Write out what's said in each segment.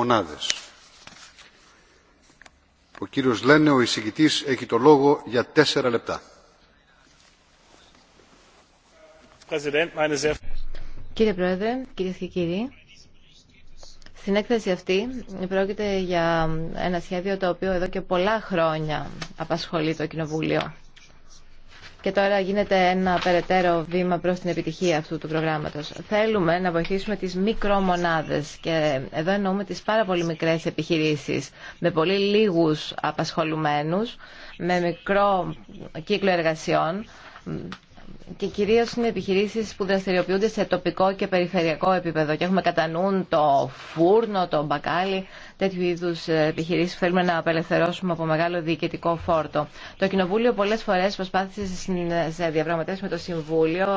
μονάδες. Ο κύριος Λένε, ο εισηγητής, έχει το λόγο για τέσσερα λεπτά. Κύριε Πρόεδρε, κυρίες και κύριοι, στην έκθεση αυτή πρόκειται για ένα σχέδιο το οποίο εδώ και πολλά χρόνια απασχολεί το Κοινοβούλιο και τώρα γίνεται ένα περαιτέρω βήμα προς την επιτυχία αυτού του προγράμματος. Θέλουμε να βοηθήσουμε τις μικρομονάδες και εδώ εννοούμε τις πάρα πολύ μικρές επιχειρήσεις με πολύ λίγους απασχολουμένους, με μικρό κύκλο εργασιών και κυρίω είναι επιχειρήσει που δραστηριοποιούνται σε τοπικό και περιφερειακό επίπεδο και έχουμε κατά νου το φούρνο, το μπακάλι, τέτοιου είδου ε, επιχειρήσει που θέλουμε να απελευθερώσουμε από μεγάλο διοικητικό φόρτο. Το Κοινοβούλιο πολλέ φορέ προσπάθησε σε διαπραγματεύσει με το Συμβούλιο,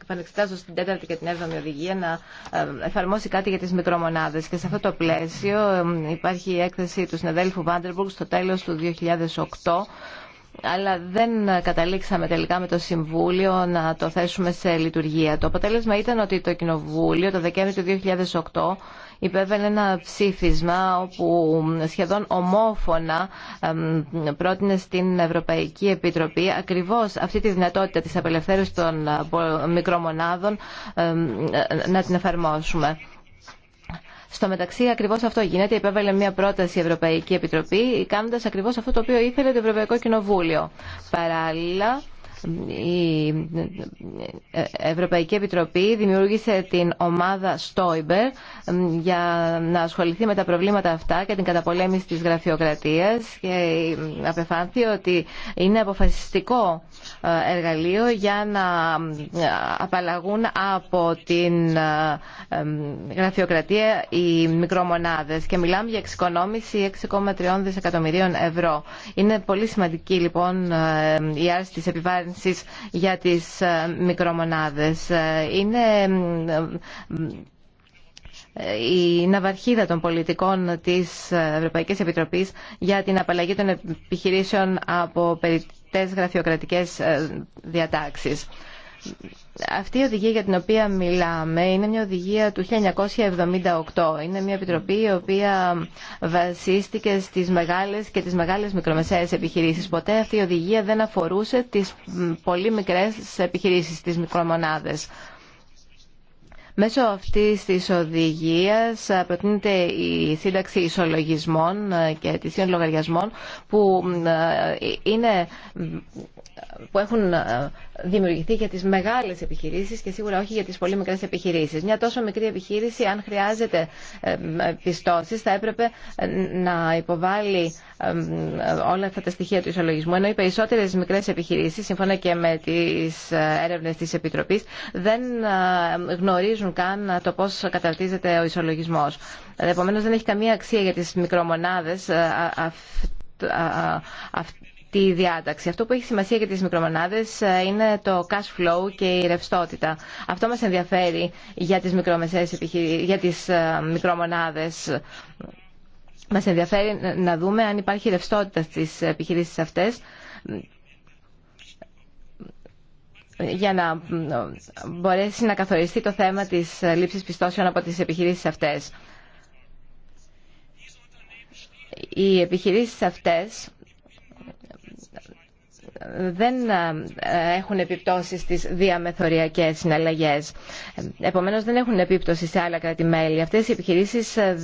επανεξετάζοντα την 4η και την 7η οδηγία, να ε, εφαρμόσει κάτι για τι μικρομονάδε. Και σε αυτό το πλαίσιο ε, υπάρχει η έκθεση του συναδέλφου Βάντερμπουργκ στο τέλο του 2008, αλλά δεν καταλήξαμε τελικά με το Συμβούλιο να το θέσουμε σε λειτουργία. Το αποτέλεσμα ήταν ότι το Κοινοβούλιο το Δεκέμβριο του 2008 υπέβαινε ένα ψήφισμα όπου σχεδόν ομόφωνα πρότεινε στην Ευρωπαϊκή Επιτροπή ακριβώς αυτή τη δυνατότητα της απελευθέρωσης των ε, μικρομονάδων ε, να την εφαρμόσουμε. Στο μεταξύ, ακριβώ αυτό γίνεται. Υπέβαλε μια πρόταση η Ευρωπαϊκή Επιτροπή, κάνοντα ακριβώ αυτό το οποίο ήθελε το Ευρωπαϊκό Κοινοβούλιο. Παράλληλα, η Ευρωπαϊκή Επιτροπή δημιούργησε την ομάδα Stoiber για να ασχοληθεί με τα προβλήματα αυτά και την καταπολέμηση της γραφειοκρατίας και απεφάνθη ότι είναι αποφασιστικό εργαλείο για να ε, απαλλαγούν από την ε, γραφειοκρατία οι μικρομονάδες και μιλάμε για εξοικονόμηση 6,3 δισεκατομμυρίων ευρώ. Είναι πολύ σημαντική λοιπόν ε, η άρση της επιβάρυνσης για τις μικρομονάδες. Είναι η ναυαρχίδα των πολιτικών της Ευρωπαϊκής Επιτροπής για την απαλλαγή των επιχειρήσεων από τις γραφειοκρατικές ε, διατάξεις. Αυτή η οδηγία για την οποία μιλάμε είναι μια οδηγία του 1978. Είναι μια επιτροπή η οποία βασίστηκε στις μεγάλες και τις μεγάλες μικρομεσαίες επιχειρήσεις. Ποτέ αυτή η οδηγία δεν αφορούσε τις πολύ μικρές επιχειρήσεις, τις μικρομονάδες. Μέσω αυτής της οδηγίας ε, προτείνεται η σύνταξη ισολογισμών ε, και αιτησίων λογαριασμών που ε, είναι που έχουν ε, δημιουργηθεί για τις μεγάλες επιχειρήσεις και σίγουρα όχι για τις πολύ μικρές επιχειρήσεις. Μια τόσο μικρή επιχείρηση, αν χρειάζεται ε, ε, πιστώσεις, θα έπρεπε να υποβάλει όλα αυτά τα στοιχεία του ισολογισμού, ενώ οι περισσότερες μικρές επιχειρήσεις, σύμφωνα και με τις έρευνες της Επιτροπής, δεν γνωρίζουν καν το πώς καταρτίζεται ο ισολογισμός. Επομένως, δεν έχει καμία αξία για τις μικρομονάδες τη διάταξη. Αυτό που έχει σημασία για τις μικρομονάδες ε, είναι το cash flow και η ρευστότητα. Αυτό μας ενδιαφέρει για τις, μικρομεσαίες επιχειρήσεις, για τις ε, μικρομονάδες. Μας ενδιαφέρει να δούμε αν υπάρχει ρευστότητα στις επιχειρήσεις αυτές για να μπορέσει να καθοριστεί το θέμα της λήψης πιστώσεων από τις επιχειρήσεις αυτές. Οι επιχειρήσεις αυτές δεν ε, έχουν επιπτώσει στις διαμεθοριακές συναλλαγές. Επομένως δεν έχουν επίπτωση σε άλλα κράτη-μέλη. Αυτές οι επιχειρήσεις ε,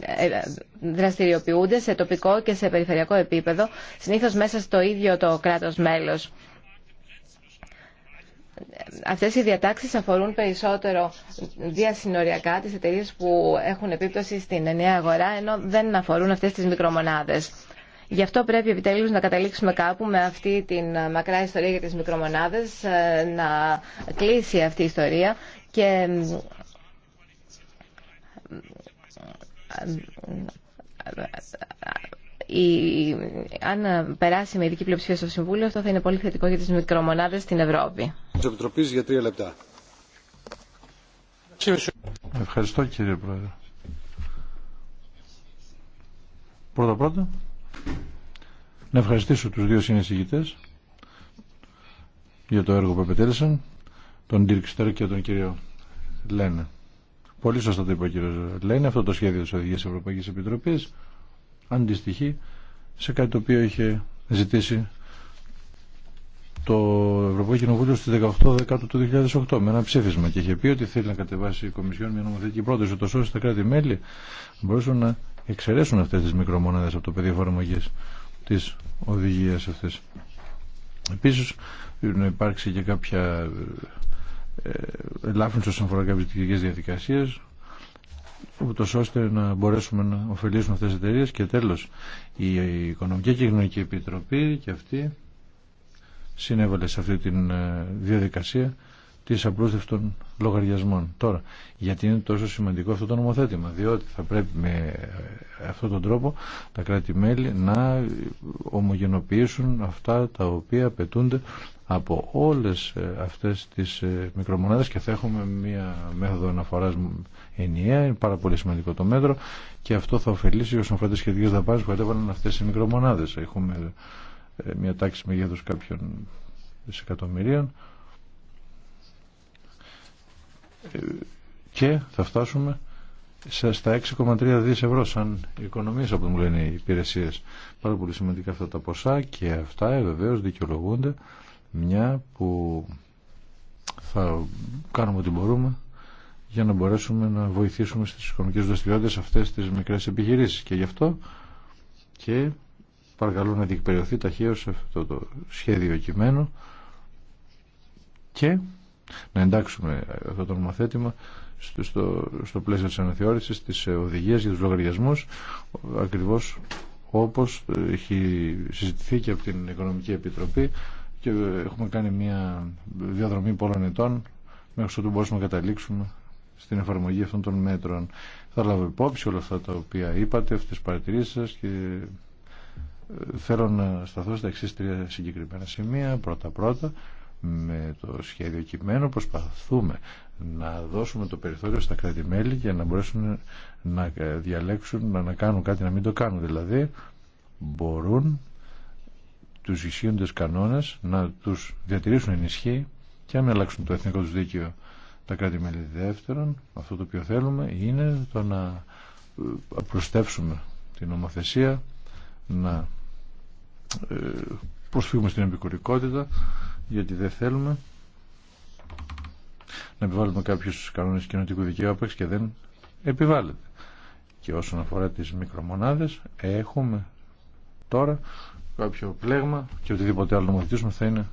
ε, δραστηριοποιούνται σε τοπικό και σε περιφερειακό επίπεδο, συνήθως μέσα στο ίδιο το κράτος μέλος. Αυτές οι διατάξεις αφορούν περισσότερο διασυνοριακά τις εταιρείε που έχουν επίπτωση στην ενιαία αγορά, ενώ δεν αφορούν αυτές τις μικρομονάδες. Γι' αυτό πρέπει επιτέλους να καταλήξουμε κάπου με αυτή την μακρά ιστορία για τις μικρομονάδες, να κλείσει αυτή η ιστορία και η, αν περάσει με ειδική πλειοψηφία στο Συμβούλιο, αυτό θα είναι πολύ θετικό για τις μικρομονάδες στην Ευρώπη. Επιτροπής για τρία λεπτά. Ευχαριστώ κύριε Πρόεδρε. Πρώτα πρώτα να ευχαριστήσω τους δύο συνεισηγητές για το έργο που επιτέλεσαν τον Dirk Στέρ και τον κύριο Λένε. Πολύ σωστά το είπε ο κύριο Λένε, αυτό το σχέδιο της Οδηγίας Ευρωπαϊκής Επιτροπής αντιστοιχεί σε κάτι το οποίο είχε ζητήσει το Ευρωπαϊκό Κοινοβούλιο στις 18 Δεκάτου του 2008 με ένα ψήφισμα και είχε πει ότι θέλει να κατεβάσει η Κομισιόν μια νομοθετική πρόταση ούτως ώστε τα κράτη-μέλη μπορούσαν να εξαιρέσουν αυτές τις μικρομονάδες από το πεδίο εφαρμογή της οδηγίας αυτής. Επίσης να υπάρξει και κάποια ε, ε, ελάφρυνση όσον αφορά κάποιες διαδικασίε, διαδικασίες ώστε να μπορέσουμε να ωφελήσουμε αυτές τις εταιρείε και τέλος η Οικονομική και Κοινωνική Επιτροπή και αυτή συνέβαλε σε αυτή τη ε, διαδικασία της απλούστευτων λογαριασμών. Τώρα, γιατί είναι τόσο σημαντικό αυτό το νομοθέτημα, διότι θα πρέπει με ε, αυτόν τον τρόπο τα κράτη-μέλη να ομογενοποιήσουν αυτά τα οποία απαιτούνται από όλες ε, αυτές τις ε, μικρομονάδες και θα έχουμε μία μέθοδο αναφοράς ενιαία, είναι πάρα πολύ σημαντικό το μέτρο και αυτό θα ωφελήσει όσον αφορά τις σχετικές δαπάνες που κατέβαλαν αυτές οι μικρομονάδες. Έχουμε μια τάξη μεγέθους κάποιων δισεκατομμυρίων και θα φτάσουμε στα 6,3 δις ευρώ σαν οικονομίες όπως μου λένε οι υπηρεσίες πάρα πολύ σημαντικά αυτά τα ποσά και αυτά βεβαίω βεβαίως δικαιολογούνται μια που θα κάνουμε ό,τι μπορούμε για να μπορέσουμε να βοηθήσουμε στις οικονομικές δραστηριότητε αυτές τις μικρές επιχειρήσεις και γι' αυτό και παρακαλώ να διεκπαιριωθεί ταχαίως αυτό το σχέδιο κειμένο και να εντάξουμε αυτό το νομοθέτημα στο, στο, πλαίσιο της αναθεώρησης της οδηγίας για τους λογαριασμούς ακριβώς όπως έχει συζητηθεί και από την Οικονομική Επιτροπή και έχουμε κάνει μια διαδρομή πολλών ετών μέχρι ότου μπορούμε να καταλήξουμε στην εφαρμογή αυτών των μέτρων. Θα λάβω υπόψη όλα αυτά τα οποία είπατε, αυτές τις παρατηρήσεις σας και ε, θέλω να σταθώ στα εξής τρία συγκεκριμένα σημεία. Πρώτα-πρώτα, με το σχέδιο κειμένου προσπαθούμε να δώσουμε το περιθώριο στα κρατημέλη για να μπορέσουν να διαλέξουν να κάνουν κάτι να μην το κάνουν δηλαδή μπορούν τους ισχύοντες κανόνες να τους διατηρήσουν ενισχύ και αν αλλάξουν το εθνικό τους δίκαιο τα κρατη δεύτερον αυτό το οποίο θέλουμε είναι το να ε, προστέψουμε την ομοθεσία να ε, προσφύγουμε στην επικουρικότητα γιατί δεν θέλουμε να επιβάλλουμε κάποιους κανόνες κοινωτικού δικαίου και δεν επιβάλλεται. Και όσον αφορά τις μικρομονάδες έχουμε τώρα κάποιο πλέγμα και οτιδήποτε άλλο νομοθετήσουμε θα είναι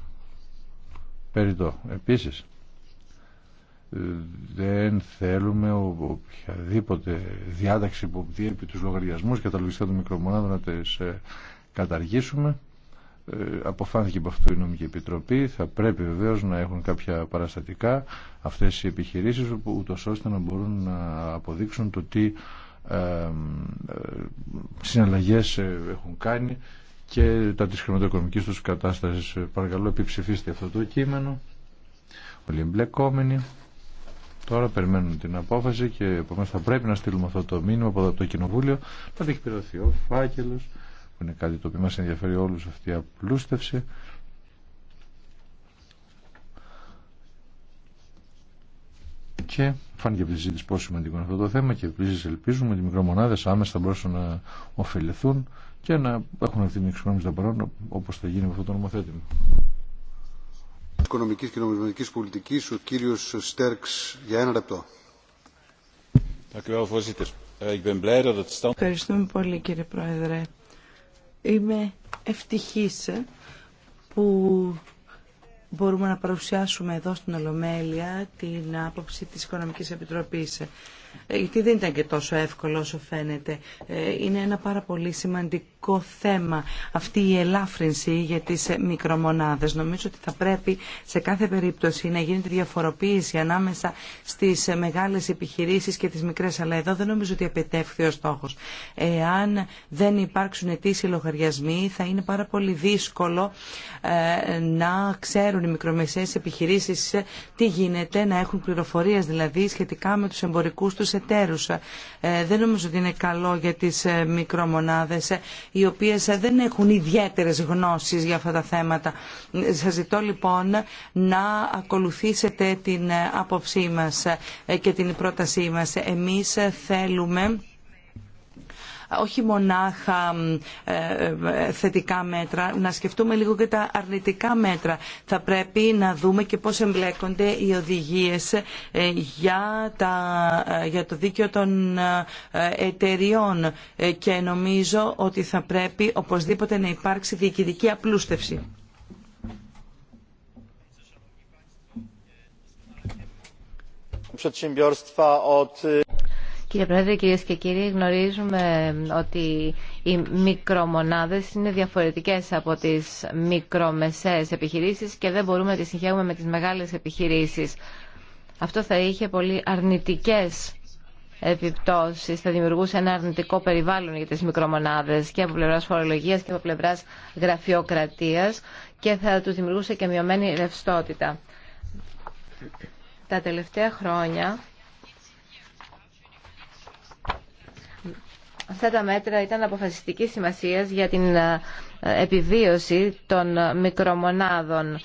περιττό. Επίσης δεν θέλουμε οποιαδήποτε διάταξη που διέπει τους λογαριασμούς και τα λογιστικά των μικρομονάδων να τις ε, καταργήσουμε ε, αποφάνθηκε από αυτό η νομική επιτροπή θα πρέπει βεβαίως να έχουν κάποια παραστατικά αυτές οι επιχειρήσεις ούτως ώστε να μπορούν να αποδείξουν το τι ε, ε, συναλλαγές έχουν κάνει και τα της χρηματοοικονομικής τους κατάστασης παρακαλώ επιψηφίστε αυτό το κείμενο όλοι εμπλεκόμενοι τώρα περιμένουν την απόφαση και επομένως θα πρέπει να στείλουμε αυτό το μήνυμα από το Κοινοβούλιο να διεκπληρωθεί ο φάκελος είναι κάτι το οποίο μας ενδιαφέρει όλους αυτή η απλούστευση και φάνηκε από τη πόσο σημαντικό είναι αυτό το θέμα και επίση ελπίζουμε ότι οι μικρομονάδε άμεσα θα μπορούσαν να ωφεληθούν και να έχουν αυτή την εξοικονόμηση των παρών όπω θα γίνει με αυτό το νομοθέτημα. Οικονομικής και Ευχαριστούμε πολύ κύριε Πρόεδρε. Είμαι ευτυχής που μπορούμε να παρουσιάσουμε εδώ στην Ολομέλεια την άποψη της Οικονομικής Επιτροπής. Ε, γιατί δεν ήταν και τόσο εύκολο όσο φαίνεται. Ε, είναι ένα πάρα πολύ σημαντικό θέμα αυτή η ελάφρυνση για τις ε, μικρομονάδες. Νομίζω ότι θα πρέπει σε κάθε περίπτωση να γίνεται διαφοροποίηση ανάμεσα στις μεγάλες επιχειρήσεις και τις μικρές. Αλλά εδώ δεν νομίζω ότι επιτεύχθη ο στόχος. Εάν δεν υπάρξουν ετήσιοι λογαριασμοί θα είναι πάρα πολύ δύσκολο να ξέρουν οι μικρομεσαίες επιχειρήσεις τι γίνεται, να έχουν πληροφορίες δηλαδή σχετικά με τους εμπορικούς τους εταίρους. Ε, δεν νομίζω ότι είναι καλό για τις ε, μικρομονάδες ε, οι οποίες δεν έχουν ιδιαίτερες γνώσεις για αυτά τα θέματα. Σας ζητώ λοιπόν να ακολουθήσετε την άποψή μας και την πρότασή μας. Εμείς θέλουμε όχι μονάχα ε, ε, θετικά μέτρα, να σκεφτούμε λίγο και τα αρνητικά μέτρα. Θα πρέπει να δούμε και πώς εμπλέκονται οι οδηγίες ε, για, τα, για το δίκαιο των εταιριών και νομίζω ότι θα πρέπει οπωσδήποτε να υπάρξει διοικητική απλούστευση. Κύριε Πρόεδρε, κυρίε και κύριοι, γνωρίζουμε ότι οι μικρομονάδε είναι διαφορετικέ από τι μικρομεσαίε επιχειρήσει και δεν μπορούμε να τι συγχαίουμε με τι μεγάλε επιχειρήσει. Αυτό θα είχε πολύ αρνητικέ επιπτώσεις, θα δημιουργούσε ένα αρνητικό περιβάλλον για τις μικρομονάδες και από πλευράς φορολογίας και από πλευράς γραφειοκρατίας και θα τους δημιουργούσε και μειωμένη ρευστότητα. Τα τελευταία χρόνια Αυτά τα μέτρα ήταν αποφασιστική σημασία για την ε, επιβίωση των μικρομονάδων.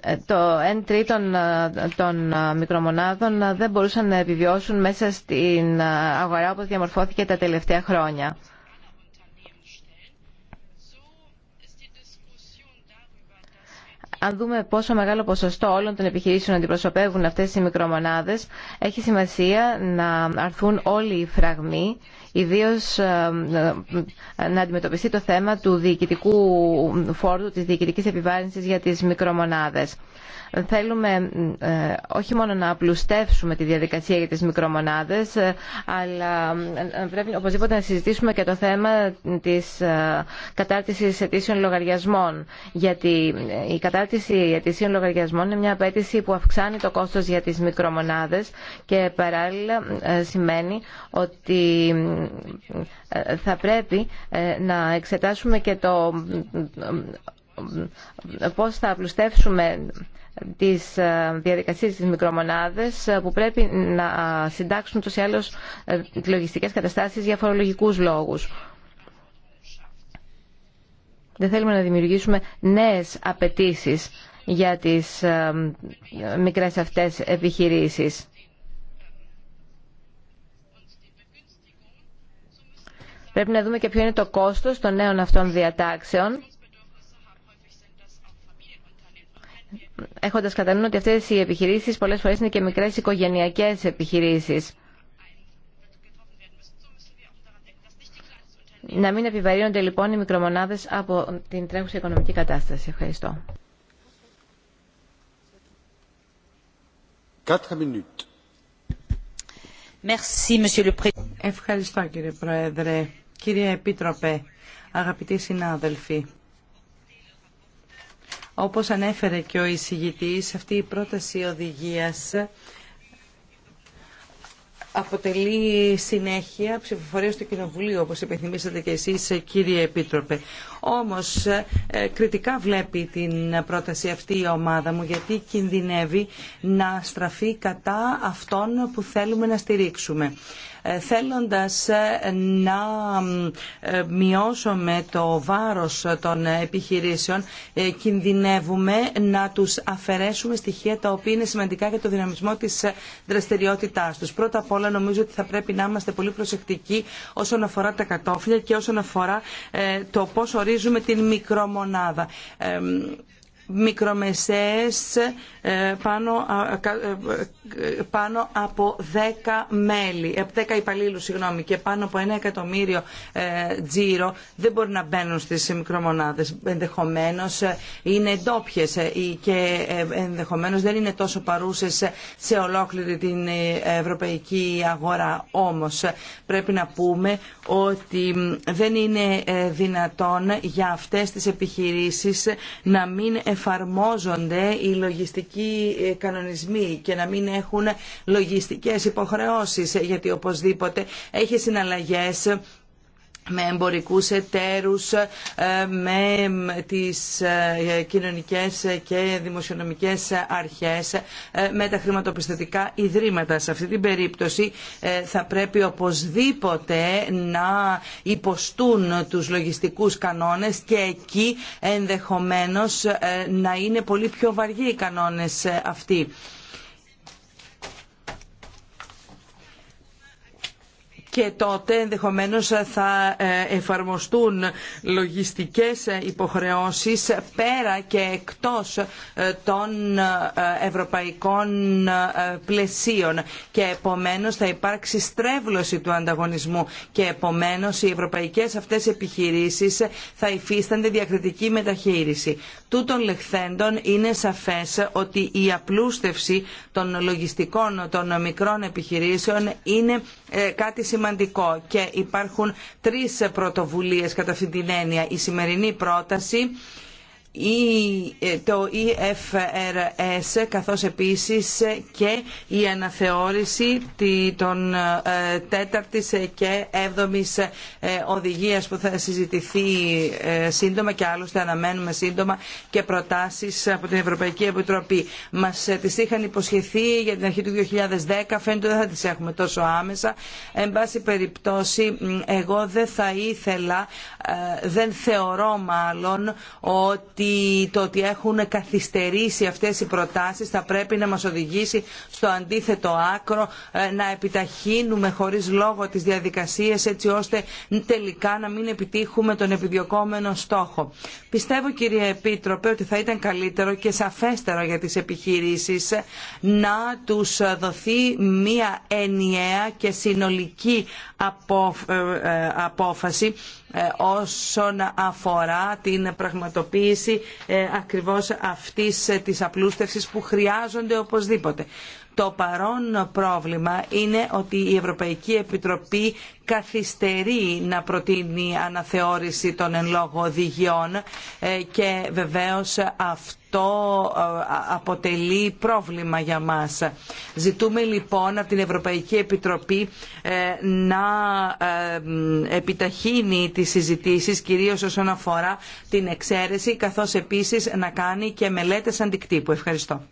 Ε, το 1 τρίτο ε, των μικρομονάδων δεν μπορούσαν να επιβιώσουν μέσα στην αγορά όπως διαμορφώθηκε τα τελευταία χρόνια. αν δούμε πόσο μεγάλο ποσοστό όλων των επιχειρήσεων αντιπροσωπεύουν αυτές οι μικρομονάδες, έχει σημασία να αρθούν όλοι οι φραγμοί, ιδίως ε, ε, να αντιμετωπιστεί το θέμα του διοικητικού φόρτου, της διοικητική επιβάρυνση για τις μικρομονάδες. Θέλουμε ε, όχι μόνο να απλουστεύσουμε τη διαδικασία για τις μικρομονάδες, ε, αλλά ε, πρέπει οπωσδήποτε να συζητήσουμε και το θέμα της κατάρτισης αιτήσεων λογαριασμών. Γιατί η κατάρτιση αιτήσεων λογαριασμών είναι μια απέτηση που αυξάνει το κόστος για τις μικρομονάδες και παράλληλα σημαίνει ότι θα πρέπει να εξετάσουμε και το πώς θα απλουστεύσουμε τις ε, διαδικασίες της μικρομονάδες ε, που πρέπει να συντάξουν τους ή άλλως ε, λογιστικές καταστάσεις για φορολογικούς λόγους. Δεν θέλουμε να δημιουργήσουμε νέες απαιτήσεις για τις μικρές αυτές επιχειρήσεις. Πρέπει να δούμε και ποιο είναι το κόστος των νέων αυτών διατάξεων έχοντας κατά νου ότι αυτές οι επιχειρήσεις πολλές φορές είναι και μικρές οικογενειακές επιχειρήσεις. Να μην επιβαρύνονται λοιπόν οι μικρομονάδες από την τρέχουσα οικονομική κατάσταση. Ευχαριστώ. Ευχαριστώ κύριε Πρόεδρε. Κύριε Επίτροπε, αγαπητοί συνάδελφοι. Όπως ανέφερε και ο εισηγητής, αυτή η πρόταση οδηγίας αποτελεί συνέχεια ψηφοφορία στο Κοινοβουλίο, όπως επιθυμήσατε και εσείς κύριε Επίτροπε. Όμως ε, κριτικά βλέπει την πρόταση αυτή η ομάδα μου, γιατί κινδυνεύει να στραφεί κατά αυτών που θέλουμε να στηρίξουμε. Ε, θέλοντας ε, να ε, μειώσουμε το βάρος των επιχειρήσεων κινδυνεύουμε να τους αφαιρέσουμε στοιχεία τα οποία είναι σημαντικά για το δυναμισμό της δραστηριότητάς τους. Πρώτα απ' όλα νομίζω ότι θα πρέπει να είμαστε πολύ προσεκτικοί όσον αφορά τα κατόφλια και όσον αφορά το πώς ορίζουμε την μικρομονάδα μικρομεσαίες ε, ε, ε, πάνω, από 10 μέλη, 10 υπαλλήλους συγγνώμη, και πάνω από ένα εκατομμύριο τζίρο δεν μπορεί να μπαίνουν στις μικρομονάδες. Ενδεχομένως είναι ντόπιε και ενδεχομένως δεν είναι τόσο παρούσες σε ολόκληρη την ευρωπαϊκή αγορά. Όμως πρέπει να πούμε ότι δεν είναι δυνατόν για αυτές τις επιχειρήσεις να μην εφαρμόζονται οι λογιστικοί ε, κανονισμοί και να μην έχουν λογιστικές υποχρεώσεις ε, γιατί οπωσδήποτε έχει συναλλαγές με εμπορικούς εταίρους, ε, με τις ε, κοινωνικές και δημοσιονομικές αρχές, ε, με τα χρηματοπιστωτικά ιδρύματα. Σε αυτή την περίπτωση θα πρέπει οπωσδήποτε να υποστούν τους λογιστικούς κανόνες και εκεί ενδεχομένως να είναι πολύ πιο βαριοί οι κανόνες αυτοί. και τότε ενδεχομένως θα ε, εφαρμοστούν λογιστικές υποχρεώσεις πέρα και εκτός ε, των ε, ευρωπαϊκών πλαισίων και επομένως θα υπάρξει στρέβλωση του ανταγωνισμού και επομένως οι ευρωπαϊκές αυτές επιχειρήσεις θα υφίστανται διακριτική μεταχείριση. Τούτων λεχθέντων είναι σαφές ότι η απλούστευση των λογιστικών των μικρών επιχειρήσεων είναι ε, κάτι σημαντικό και υπάρχουν τρεις πρωτοβουλίες κατά αυτήν την έννοια. Η σημερινή πρόταση ε, το EFRS καθώς επίσης και η αναθεώρηση των ε, τέταρτης και έβδομης ε, οδηγίας που θα συζητηθεί σύντομα και άλλωστε αναμένουμε σύντομα και προτάσεις από την Ευρωπαϊκή Επιτροπή. Μας τις είχαν υποσχεθεί για την αρχή του 2010, φαίνεται δεν θα τις έχουμε τόσο άμεσα. Εν πάση περιπτώσει εγώ δεν θα ήθελα, δεν θεωρώ μάλλον ότι ότι το ότι έχουν καθυστερήσει αυτές οι προτάσεις θα πρέπει να μας οδηγήσει στο αντίθετο άκρο, ε, να επιταχύνουμε χωρίς λόγο τις διαδικασίες έτσι ώστε τελικά να μην επιτύχουμε τον επιδιωκόμενο στόχο. Πιστεύω κύριε Επίτροπε ότι θα ήταν καλύτερο και σαφέστερο για τις επιχειρήσεις να τους δοθεί μία ενιαία και συνολική ε, ε, απόφαση όσον αφορά την πραγματοποίηση ε, ακριβώς αυτής ε, της απλούστευσης που χρειάζονται οπωσδήποτε. Το παρόν πρόβλημα είναι ότι η Ευρωπαϊκή Επιτροπή καθυστερεί να προτείνει αναθεώρηση των εν λόγω οδηγιών ε, και βεβαίως αυτό ε, αποτελεί πρόβλημα για μας. Ζητούμε λοιπόν από την Ευρωπαϊκή Επιτροπή ε, να επιταχύνει τις συζητήσεις κυρίως όσον αφορά την εξαίρεση καθώς επίσης να κάνει και μελέτες αντικτύπου. Ευχαριστώ.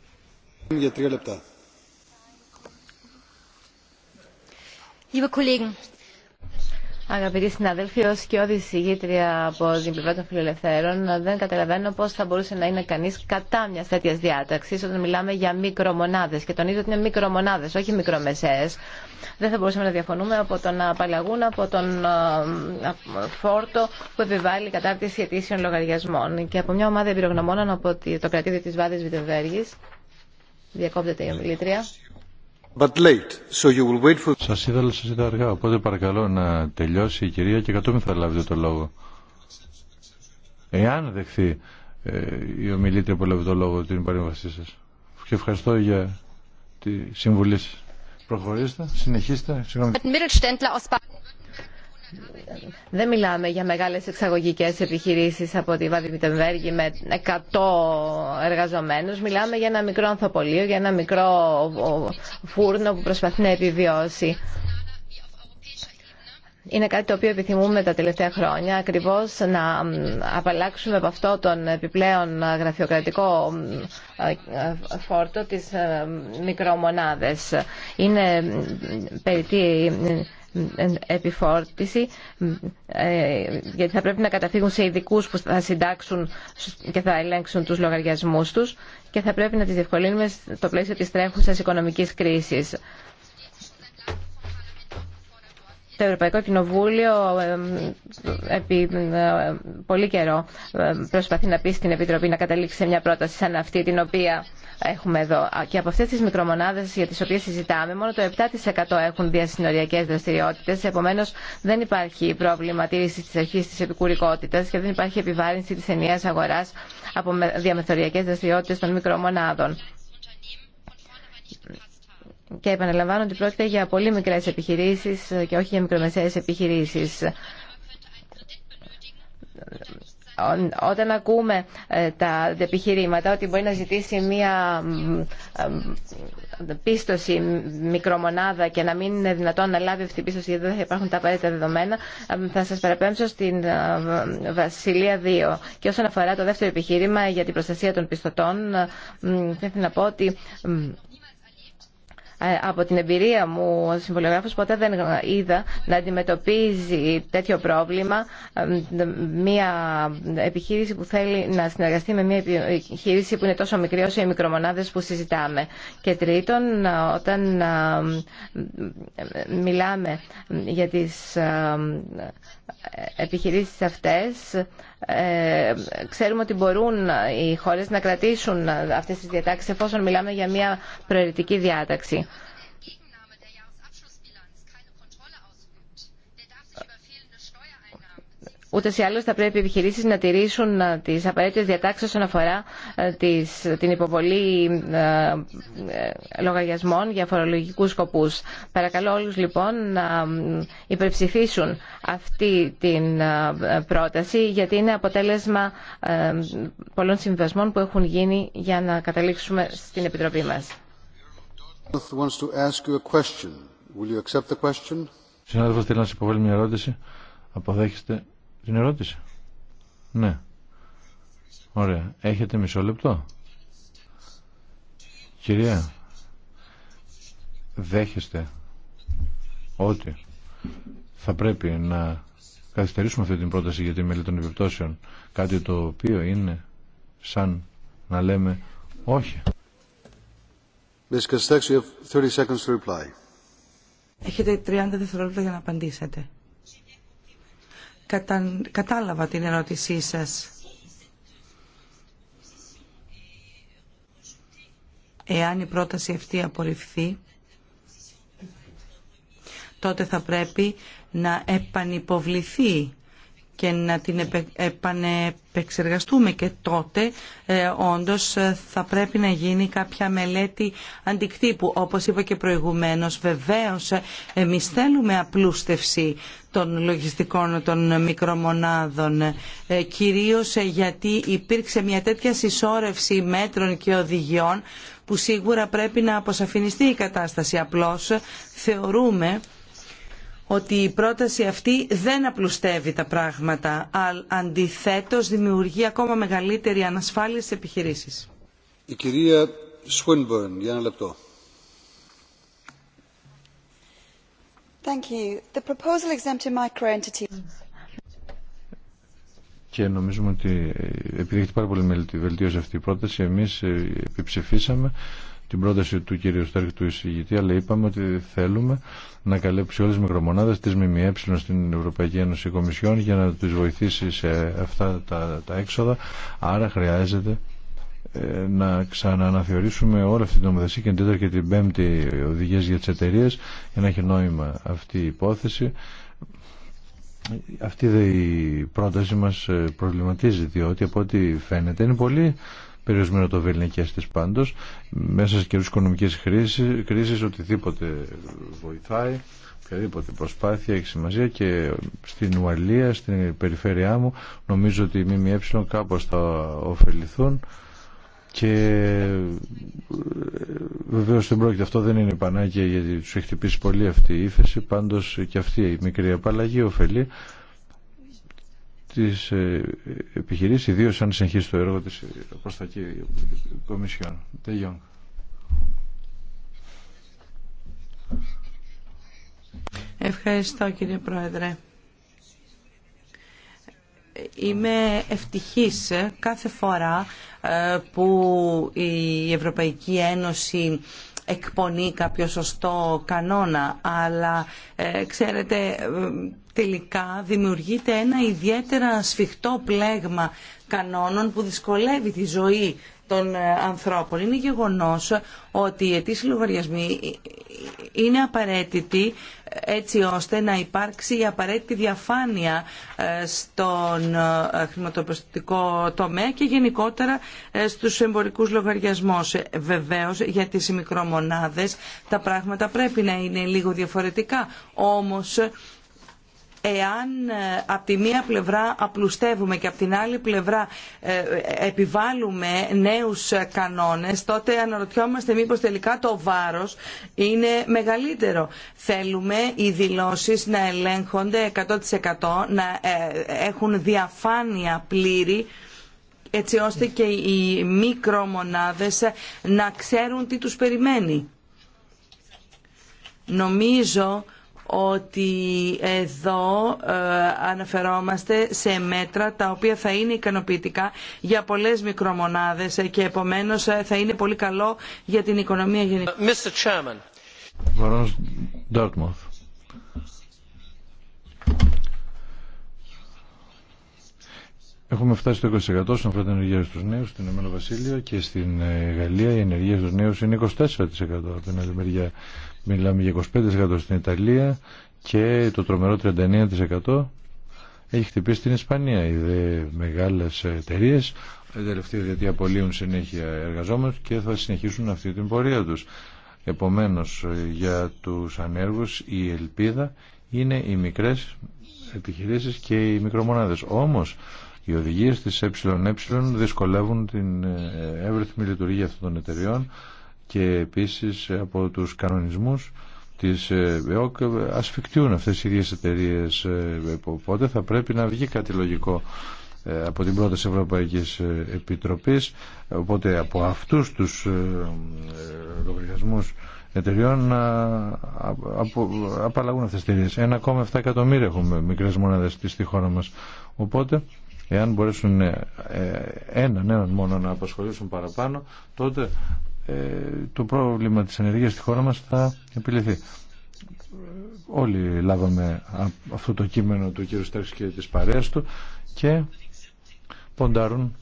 Αγαπητοί συναδέλφοι, ω και ηγήτρια συγγήτρια από την πλευρά των φιλελευθέρων, δεν καταλαβαίνω πώ θα μπορούσε να είναι κανεί κατά μια τέτοια διάταξη όταν μιλάμε για μικρομονάδε. Και τονίζω ότι είναι μικρομονάδε, όχι μικρομεσαίε. Δεν θα μπορούσαμε να διαφωνούμε από το να απαλλαγούν από τον φόρτο που επιβάλλει η κατάρτιση αιτήσεων λογαριασμών. Και από μια ομάδα εμπειρογνωμόνων από το κρατήδιο τη Βάδη Βιτεβέργη. Διακόπτεται η ομιλήτρια. Σα Σας είδα, αλλά σας είδα αργά, οπότε παρακαλώ να τελειώσει η κυρία και κατόπιν θα λάβετε το λόγο. Εάν δεχθεί ε, η ομιλήτρια που λάβει το λόγο την παρέμβασή σας. Και ευχαριστώ για τη συμβουλή σας. Προχωρήστε, συνεχίστε. Δεν μιλάμε για μεγάλες εξαγωγικές επιχειρήσεις από τη Βάδη με 100 εργαζομένους. Μιλάμε για ένα μικρό ανθοπολείο, για ένα μικρό φούρνο που προσπαθεί να επιβιώσει. Είναι κάτι το οποίο επιθυμούμε τα τελευταία χρόνια, ακριβώς να απαλλάξουμε από αυτό τον επιπλέον γραφειοκρατικό ε, φόρτο της ε, μικρομονάδες. Είναι περί επιφόρτηση ε, γιατί θα πρέπει να καταφύγουν σε ειδικού που θα συντάξουν και θα ελέγξουν τους λογαριασμούς τους και θα πρέπει να τις διευκολύνουμε στο πλαίσιο της τρέχουσας οικονομικής κρίσης το Ευρωπαϊκό Κοινοβούλιο επί πολύ καιρό προσπαθεί να πει στην Επιτροπή να καταλήξει σε μια πρόταση σαν αυτή την οποία έχουμε εδώ. Και από αυτές τις μικρομονάδες για τις οποίες συζητάμε μόνο το 7% έχουν διασυνοριακές δραστηριότητες. Επομένως δεν υπάρχει πρόβλημα τήρηση της αρχής της επικουρικότητας και δεν υπάρχει επιβάρυνση της ενιαίας αγοράς από διαμεθοριακές δραστηριότητες των μικρομονάδων. Και επαναλαμβάνω ότι πρόκειται για πολύ μικρές επιχειρήσεις και όχι για μικρομεσαίες επιχειρήσεις. Όταν ακούμε ε, τα επιχειρήματα ότι μπορεί να ζητήσει μία πίστοση μικρομονάδα και να μην είναι δυνατόν να λάβει αυτή την πίστοση γιατί δεν θα υπάρχουν τα απαραίτητα δεδομένα, ε, θα σας παραπέμψω στην ε, Βασιλεία 2. Και όσον αφορά το δεύτερο επιχείρημα για την προστασία των πιστωτών, θα να πω ότι ε, από την εμπειρία μου ως συμβολιογράφος ποτέ δεν είδα να αντιμετωπίζει τέτοιο πρόβλημα μια επιχείρηση που θέλει να συνεργαστεί με μια επιχείρηση που είναι τόσο μικρή όσο οι μικρομονάδες που συζητάμε. Και τρίτον, ε, όταν ε, μιλάμε για τις επιχειρήσεις αυτές ξέρουμε ότι μπορούν οι χώρες να κρατήσουν αυτές τις διατάξεις εφόσον μιλάμε για μια προαιρετική διάταξη. Ούτε ή άλλω θα πρέπει οι επιχειρήσει να τηρήσουν ε, τι απαραίτητε διατάξει όσον αφορά ε, την υποβολή ε, λογαριασμών για φορολογικού σκοπού. Παρακαλώ όλου λοιπόν να υπερψηφίσουν αυτή την πρόταση γιατί είναι αποτέλεσμα πολλών συμβιβασμών που έχουν γίνει για να καταλήξουμε στην Επιτροπή μας. Συνάδελφο, θέλω να σα υποβάλει μια ερώτηση. Αποδέχεστε την ερώτηση. Ναι. Ωραία. Έχετε μισό λεπτό. Κυρία, δέχεστε ότι θα πρέπει να καθυστερήσουμε αυτή την πρόταση για τη μελη των επιπτώσεων. Κάτι το οποίο είναι σαν να λέμε όχι. Έχετε 30 δευτερόλεπτα για να απαντήσετε. Κατάλαβα την ερώτησή σας. Εάν η πρόταση αυτή απορριφθεί, τότε θα πρέπει να επανυποβληθεί και να την επανεπεξεργαστούμε και τότε ε, όντως ε, θα πρέπει να γίνει κάποια μελέτη αντικτύπου. Όπως είπα και προηγουμένως, βεβαίως ε, εμείς θέλουμε απλούστευση των λογιστικών των μικρομονάδων, ε, κυρίως ε, γιατί υπήρξε μια τέτοια συσσόρευση μέτρων και οδηγιών που σίγουρα πρέπει να αποσαφινιστεί η κατάσταση. Απλώς θεωρούμε ότι η πρόταση αυτή δεν απλουστεύει τα πράγματα, αλλά αντιθέτως δημιουργεί ακόμα μεγαλύτερη ανασφάλεια στις επιχειρήσεις. Η κυρία Swinburne, για ένα λεπτό. Και νομίζουμε ότι επειδή έχει πάρα πολύ βελτίωση αυτή η πρόταση, εμείς ε, επιψηφίσαμε την πρόταση του κυρίου Στέρκη του εισηγητή, αλλά είπαμε ότι θέλουμε να καλέψει όλες τις μικρομονάδες της ΜΜΕ στην Ευρωπαϊκή Ένωση Κομισιόν για να τις βοηθήσει σε αυτά τα, τα έξοδα. Άρα χρειάζεται ε, να ξανααναθεωρήσουμε όλη αυτή την νομοθεσία και την τέταρτη και την πέμπτη οδηγίε για τι εταιρείε για να έχει νόημα αυτή η υπόθεση. Αυτή δε η πρόταση μας ε, προβληματίζει διότι από ό,τι φαίνεται είναι πολύ περιορισμένο το βελνικές τη πάντω, μέσα σε καιρού οικονομική κρίση οτιδήποτε βοηθάει οποιαδήποτε προσπάθεια έχει σημασία και στην Ουαλία, στην περιφέρειά μου νομίζω ότι οι ΜΜΕ κάπως θα ωφεληθούν και ε, βεβαίω δεν πρόκειται αυτό δεν είναι πανάκια γιατί του έχει χτυπήσει πολύ αυτή η ύφεση πάντω και αυτή η μικρή απαλλαγή ωφελεί της ε, επιχειρήσης, ιδίως αν συνεχίσει το έργο της ε, προστακή Κομισιόν. Ευχαριστώ κύριε Πρόεδρε. Είμαι ευτυχής κάθε φορά ε, που η Ευρωπαϊκή Ένωση εκπονεί κάποιο σωστό κανόνα, αλλά ε, ξέρετε ε, τελικά δημιουργείται ένα ιδιαίτερα σφιχτό πλέγμα κανόνων που δυσκολεύει τη ζωή των ε, ανθρώπων. Είναι γεγονός ότι οι ετήσιοι λογαριασμοί ε, ε, είναι απαραίτητοι έτσι ώστε να υπάρξει η απαραίτητη διαφάνεια στον χρηματοπιστωτικό τομέα και γενικότερα στους εμπορικούς λογαριασμούς. Βεβαίως για τις μικρομονάδες τα πράγματα πρέπει να είναι λίγο διαφορετικά. Όμως εάν ε, από τη μία πλευρά απλουστεύουμε και από την άλλη πλευρά ε, ε, επιβάλλουμε νέους κανόνες, τότε αναρωτιόμαστε μήπως τελικά το βάρος είναι μεγαλύτερο. Θέλουμε οι δηλώσεις να ελέγχονται 100% να έχουν διαφάνεια πλήρη έτσι ώστε και οι μικρομονάδες να ξέρουν τι τους περιμένει. Νομίζω ότι εδώ ε, αναφερόμαστε σε μέτρα τα οποία θα είναι ικανοποιητικά για πολλές μικρομονάδες και επομένως ε, θα είναι πολύ καλό για την οικονομία γενικά. Ε, Έχουμε φτάσει στο 20% στον αφορά την ενεργεία στους νέους στην Ηνωμένο Βασίλειο και στην Γαλλία η ενεργεία στους νέους είναι 24% από την άλλη μεριά. Μιλάμε για 25% στην Ιταλία και το τρομερό 39% έχει χτυπήσει στην Ισπανία. Οι δε μεγάλες εταιρείε τελευταία γιατί απολύουν συνέχεια εργαζόμενους και θα συνεχίσουν αυτή την πορεία τους. Επομένως για τους ανέργους η ελπίδα είναι οι μικρές επιχειρήσεις και οι μικρομονάδες. Όμως οι οδηγίες της ΕΕ δυσκολεύουν την ε, εύρυθμη λειτουργία αυτών των εταιριών και επίσης από τους κανονισμούς της ε, ΕΟΚ ασφικτιούν αυτές οι ίδιες εταιρείε. Ε, οπότε θα πρέπει να βγει κάτι λογικό ε, από την πρώτη Ευρωπαϊκή Επιτροπή. οπότε από αυτούς τους λογαριασμού εταιριών να απαλλαγούν αυτές τις εταιρείε. 1,7 εκατομμύρια έχουμε μικρές μονάδες στη χώρα μας οπότε εάν μπορέσουν έναν, έναν μόνο να απασχολήσουν παραπάνω τότε ε, το πρόβλημα της ενεργείας στη χώρα μας θα επιληθεί. Όλοι λάβαμε αυτό το κείμενο του κ. Στέρξη και της παρέας του και ποντάρουν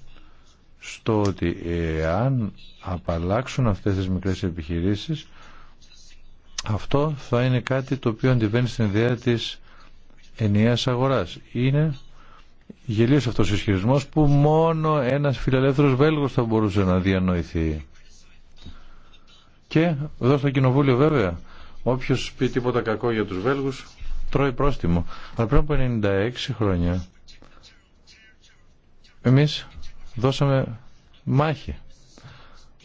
στο ότι εάν απαλλάξουν αυτές τις μικρές επιχειρήσεις αυτό θα είναι κάτι το οποίο αντιβαίνει στην ιδέα της ενιαίας αγοράς. Είναι γελίος αυτός ο ισχυρισμός που μόνο ένας φιλελεύθερος Βέλγος θα μπορούσε να διανοηθεί. Και εδώ στο κοινοβούλιο βέβαια, όποιο πει τίποτα κακό για του Βέλγους, τρώει πρόστιμο. Αλλά πριν από 96 χρόνια, εμεί δώσαμε μάχη.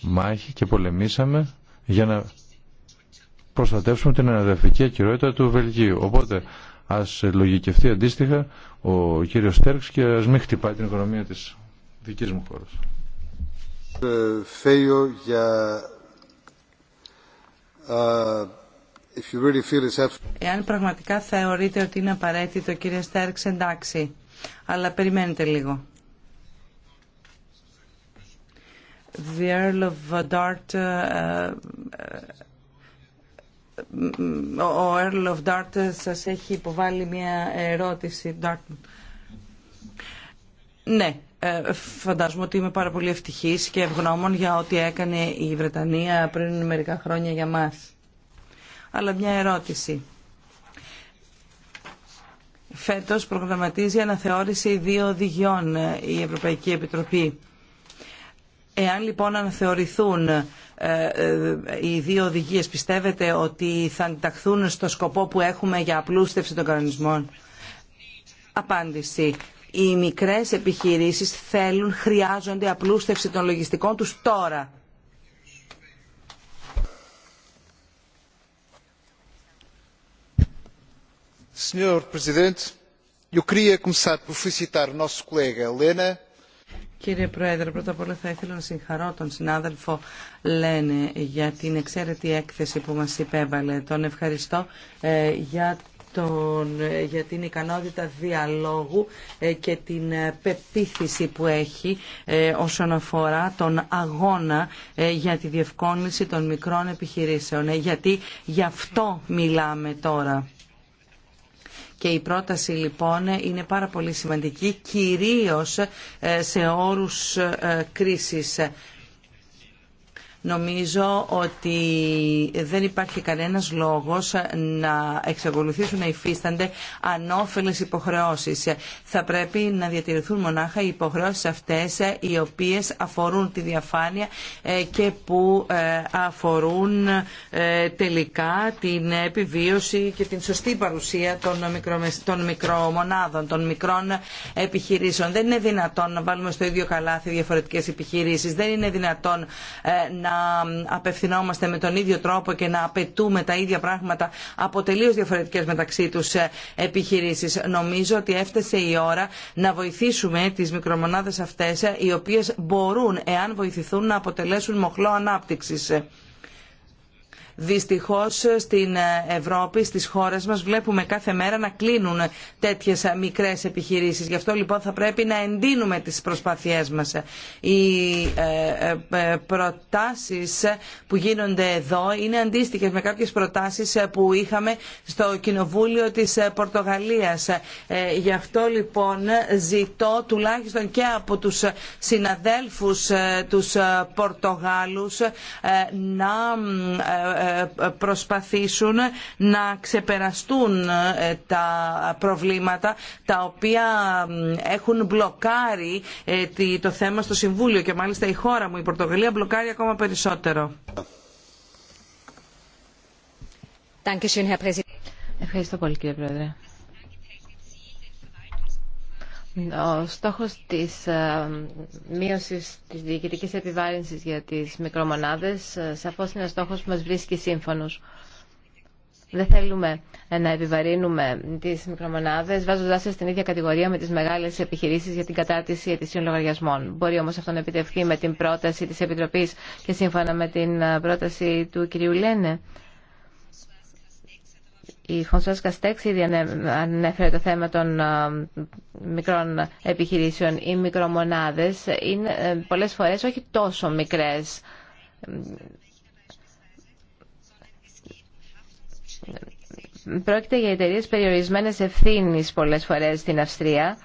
Μάχη και πολεμήσαμε για να προστατεύσουμε την αναδευτική ακυρότητα του Βελγίου. Οπότε α λογικευτεί αντίστοιχα ο κύριο Στέρξ και α μην χτυπάει την οικονομία τη δική μου χώρα. Ε, για Uh, Εάν πραγματικά θεωρείτε ότι είναι απαραίτητο, κύριε Στέρξ, εντάξει. Αλλά περιμένετε λίγο. The Earl of Dart, uh, uh mm, mm, ο Earl of Dart σας έχει υποβάλει μια ερώτηση. Ναι, ε, φαντάζομαι ότι είμαι πάρα πολύ ευτυχής και ευγνώμων για ό,τι έκανε η Βρετανία πριν μερικά χρόνια για μας. Αλλά μια ερώτηση. Φέτος προγραμματίζει αναθεώρηση δύο οδηγιών ε, η Ευρωπαϊκή Επιτροπή. Εάν λοιπόν αναθεωρηθούν ε, οι δύο οδηγίες, πιστεύετε ότι θα αντιταχθούν στο σκοπό που έχουμε για απλούστευση των κανονισμών. Απάντηση οι μικρές επιχειρήσεις θέλουν, χρειάζονται απλούστευση των λογιστικών τους τώρα. Κύριε Πρόεδρε, πρώτα απ' όλα θα ήθελα να συγχαρώ τον συνάδελφο Λένε για την εξαίρετη έκθεση που μας υπέβαλε. Τον ευχαριστώ ε, για τον, ε, για την ικανότητα διαλόγου ε, και την ε, πεποίθηση που έχει όσον αφορά τον αγώνα για τη διευκόλυνση των μικρών επιχειρήσεων. Γιατί γι' αυτό μιλάμε τώρα. Και η πρόταση λοιπόν είναι πάρα πολύ σημαντική, κυρίως σε όρους κρίσης Νομίζω ότι δεν υπάρχει κανένας λόγος να εξακολουθήσουν να υφίστανται ανώφελες υποχρεώσεις. Θα πρέπει να διατηρηθούν μονάχα οι υποχρεώσεις αυτές οι οποίες αφορούν τη διαφάνεια ε, και που ε, αφορούν ε, τελικά την επιβίωση και την σωστή παρουσία των μικρομονάδων, των μικρών επιχειρήσεων. Δεν είναι δυνατόν να βάλουμε στο ίδιο καλάθι διαφορετικές επιχειρήσεις. Δεν είναι δυνατόν να απευθυνόμαστε με τον ίδιο τρόπο και να απαιτούμε τα ίδια πράγματα από τελείω διαφορετικέ μεταξύ του ε, επιχειρήσει. Νομίζω ότι έφτασε η ώρα να βοηθήσουμε τι μικρομονάδε αυτέ, ε, οι οποίε μπορούν, εάν βοηθηθούν, να αποτελέσουν μοχλό ανάπτυξη. Δυστυχώς στην Ευρώπη, στις χώρες μας βλέπουμε κάθε μέρα να κλείνουν τέτοιες μικρές επιχειρήσεις. Γι' αυτό λοιπόν θα πρέπει να εντείνουμε τις προσπάθειές μας. Οι ε, ε, ε, προτάσεις που γίνονται εδώ είναι αντίστοιχες με κάποιες προτάσεις που είχαμε στο Κοινοβούλιο της Πορτογαλίας. Γι' αυτό λοιπόν ζητώ τουλάχιστον και από τους συναδέλφους τους Πορτογάλους να προσπαθήσουν να ξεπεραστούν ε, τα προβλήματα τα οποία έχουν μπλοκάρει ε, το θέμα στο Συμβούλιο και μάλιστα η χώρα μου, η Πορτογαλία, μπλοκάρει ακόμα περισσότερο. Ευχαριστώ πολύ κύριε ο στόχος της ε, μείωσης της διοικητικής επιβάρυνσης για τις μικρομονάδες ε, σαφώς είναι ο στόχος που μας βρίσκει σύμφωνος. Δεν θέλουμε να επιβαρύνουμε τις μικρομονάδες βάζοντάς σε στην ίδια κατηγορία με τις μεγάλες επιχειρήσεις για την κατάρτιση ετησίων λογαριασμών. Μπορεί όμως αυτό να επιτευχθεί με την πρόταση της Επιτροπής και σύμφωνα με την ε, πρόταση του κ. Λένε. Η Χωνσός Καστέξ ήδη ανέφερε το θέμα των μικρών επιχειρήσεων ή μικρομονάδες. Είναι ε, πολλές φορές όχι τόσο μικρές. Πρόκειται για εταιρείε περιορισμένες ευθύνης πολλές φορές στην Αυστρία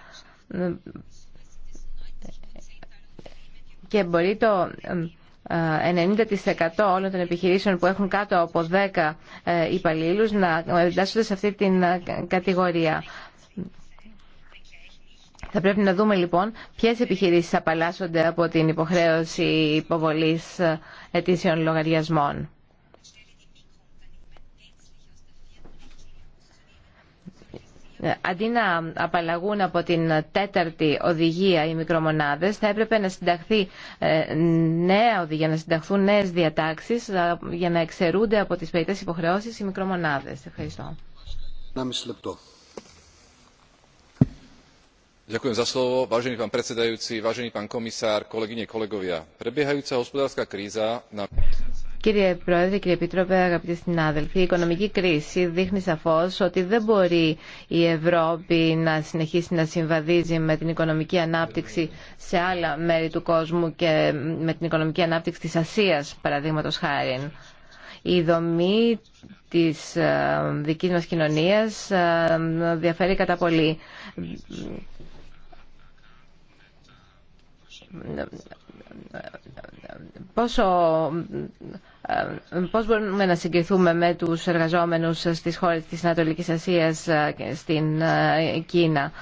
και μπορεί το 90% όλων των επιχειρήσεων που έχουν κάτω από 10 ε, υπαλλήλους να εντάσσονται σε αυτή την ε, κατηγορία. Θα πρέπει να δούμε λοιπόν ποιες επιχειρήσεις απαλλάσσονται από την υποχρέωση υποβολής ετήσιων λογαριασμών. Ε, αντί να απαλλαγούν από την τέταρτη οδηγία οι μικρομονάδες, θα έπρεπε να συνταχθεί ε, νέα οδηγία, να συνταχθούν νέες διατάξεις ε, για να εξαιρούνται από τις περιττές υποχρεώσεις οι μικρομονάδες. Ευχαριστώ. Ένα μισή λεπτό. Κύριε Πρόεδρε, κύριε Επίτροπε, αγαπητοί συνάδελφοι, η οικονομική κρίση δείχνει σαφώ ότι δεν μπορεί η Ευρώπη να συνεχίσει να συμβαδίζει με την οικονομική ανάπτυξη σε άλλα μέρη του κόσμου και με την οικονομική ανάπτυξη τη Ασία, παραδείγματο χάρη. Η δομή της ε, δικής μας κοινωνίας ε, διαφέρει κατά πολύ. Πόσο ε, πώς μπορούμε να συγκριθούμε με τους εργαζόμενους στις χώρες της Ανατολικής Ασίας ε, στην ε, Κίνα.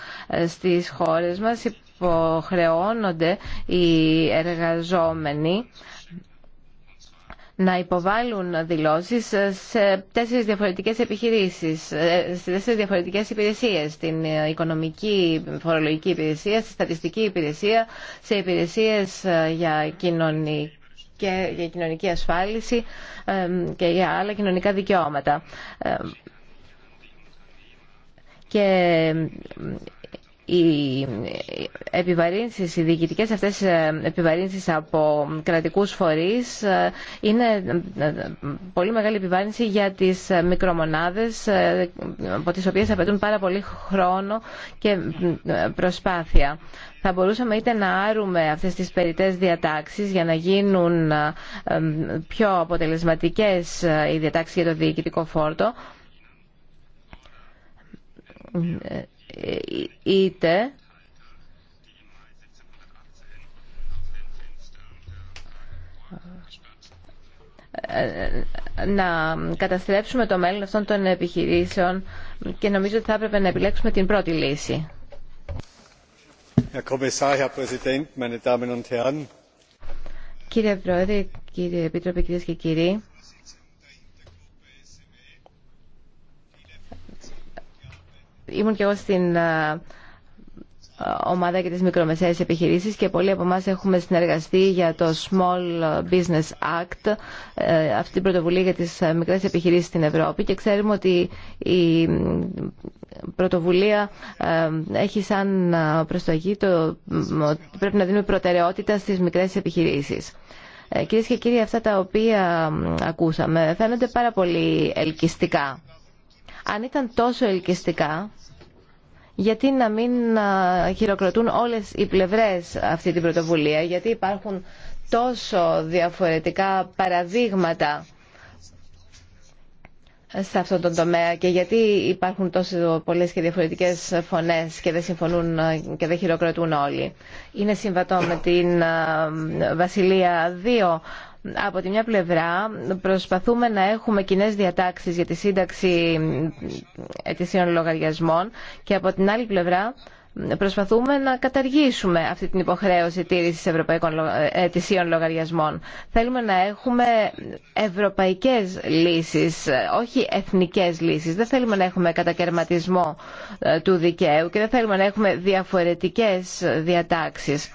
Στις χώρες μας υποχρεώνονται οι εργαζόμενοι να υποβάλουν δηλώσεις σε τέσσερις διαφορετικές επιχειρήσεις, σε τέσσερις διαφορετικές υπηρεσίες, στην οικονομική φορολογική υπηρεσία, στη στατιστική υπηρεσία, σε υπηρεσίες για κοινωνική και για κοινωνική ασφάλιση και για άλλα κοινωνικά δικαιώματα. Ε, και οι επιβαρύνσεις, οι διοικητικές αυτές ε, επιβαρύνσεις από κρατικούς φορείς ε, είναι ε, πολύ μεγάλη επιβάρυνση για τις μικρομονάδες από τις οποίες απαιτούν πάρα πολύ χρόνο και προσπάθεια. Θα μπορούσαμε είτε να άρουμε αυτές τις περιττές διατάξεις για να γίνουν πιο αποτελεσματικές οι διατάξεις για το διοικητικό φόρτο ε, είτε να καταστρέψουμε το μέλλον αυτών των επιχειρήσεων και νομίζω ότι θα έπρεπε να επιλέξουμε την πρώτη λύση. Κύριε Πρόεδρε, κύριε Επίτροπε, κυρίες και κύριοι, ήμουν και εγώ στην ε, ομάδα για τις μικρομεσαίες επιχειρήσεις και πολλοί από εμά έχουμε συνεργαστεί για το Small Business Act, ε, αυτή την πρωτοβουλία για τις ε, μικρές επιχειρήσεις στην Ευρώπη και ξέρουμε ότι η πρωτοβουλία έχει σαν προσταγή το ότι πρέπει να δίνουμε προτεραιότητα στις μικρές επιχειρήσεις. Κυρίες και κύριοι, αυτά τα οποία ακούσαμε φαίνονται πάρα πολύ ελκυστικά. Αν ήταν τόσο ελκυστικά, γιατί να μην χειροκροτούν όλες οι πλευρές αυτή την πρωτοβουλία, γιατί υπάρχουν τόσο διαφορετικά παραδείγματα σε αυτόν τον τομέα και γιατί υπάρχουν τόσο πολλές και διαφορετικές φωνές και δεν συμφωνούν και δεν χειροκροτούν όλοι. Είναι συμβατό με την Βασιλεία 2 από τη μια πλευρά προσπαθούμε να έχουμε κοινέ διατάξεις για τη σύνταξη ετησίων λογαριασμών και από την άλλη πλευρά προσπαθούμε να καταργήσουμε αυτή την υποχρέωση τήρησης ευρωπαϊκών ετησίων λογαριασμών. Θέλουμε να έχουμε ευρωπαϊκές λύσεις, όχι εθνικές λύσεις. Δεν θέλουμε να έχουμε κατακαιρματισμό ε, του δικαίου και δεν θέλουμε να έχουμε διαφορετικές διατάξεις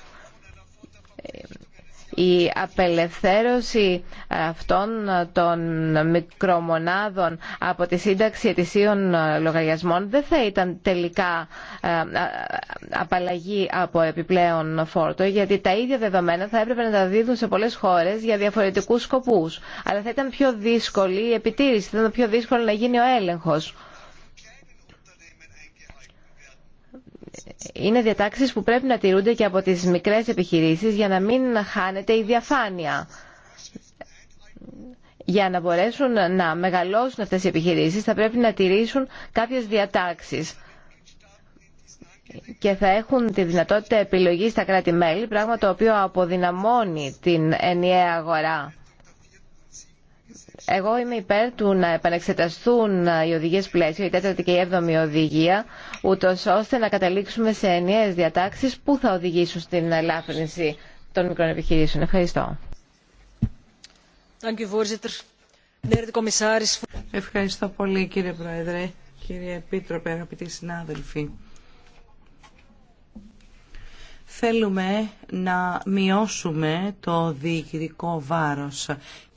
η απελευθέρωση αυτών των μικρομονάδων από τη σύνταξη ετησίων λογαριασμών δεν θα ήταν τελικά ε, ε, απαλλαγή από επιπλέον φόρτο, γιατί τα ίδια δεδομένα θα έπρεπε να τα δίδουν σε πολλές χώρες για διαφορετικούς σκοπούς. Αλλά θα ήταν πιο δύσκολη η επιτήρηση, θα ήταν πιο δύσκολο να γίνει ο έλεγχος. είναι διατάξεις που πρέπει να τηρούνται και από τις μικρές επιχειρήσεις για να μην χάνεται η διαφάνεια. Για να μπορέσουν να μεγαλώσουν αυτές οι επιχειρήσεις θα πρέπει να τηρήσουν κάποιες διατάξεις και θα έχουν τη δυνατότητα επιλογής στα κράτη-μέλη, πράγμα το οποίο αποδυναμώνει την ενιαία αγορά. Εγώ είμαι υπέρ του να επανεξεταστούν οι οδηγίε πλαίσιο, η τέταρτη και η έβδομη οδηγία, ούτω ώστε να καταλήξουμε σε ενιαίε διατάξει που θα οδηγήσουν στην ελάφρυνση των μικρών επιχειρήσεων. Ευχαριστώ. Ευχαριστώ πολύ κύριε Πρόεδρε, κύριε Επίτροπε, αγαπητοί συνάδελφοι θέλουμε να μειώσουμε το διοικητικό βάρος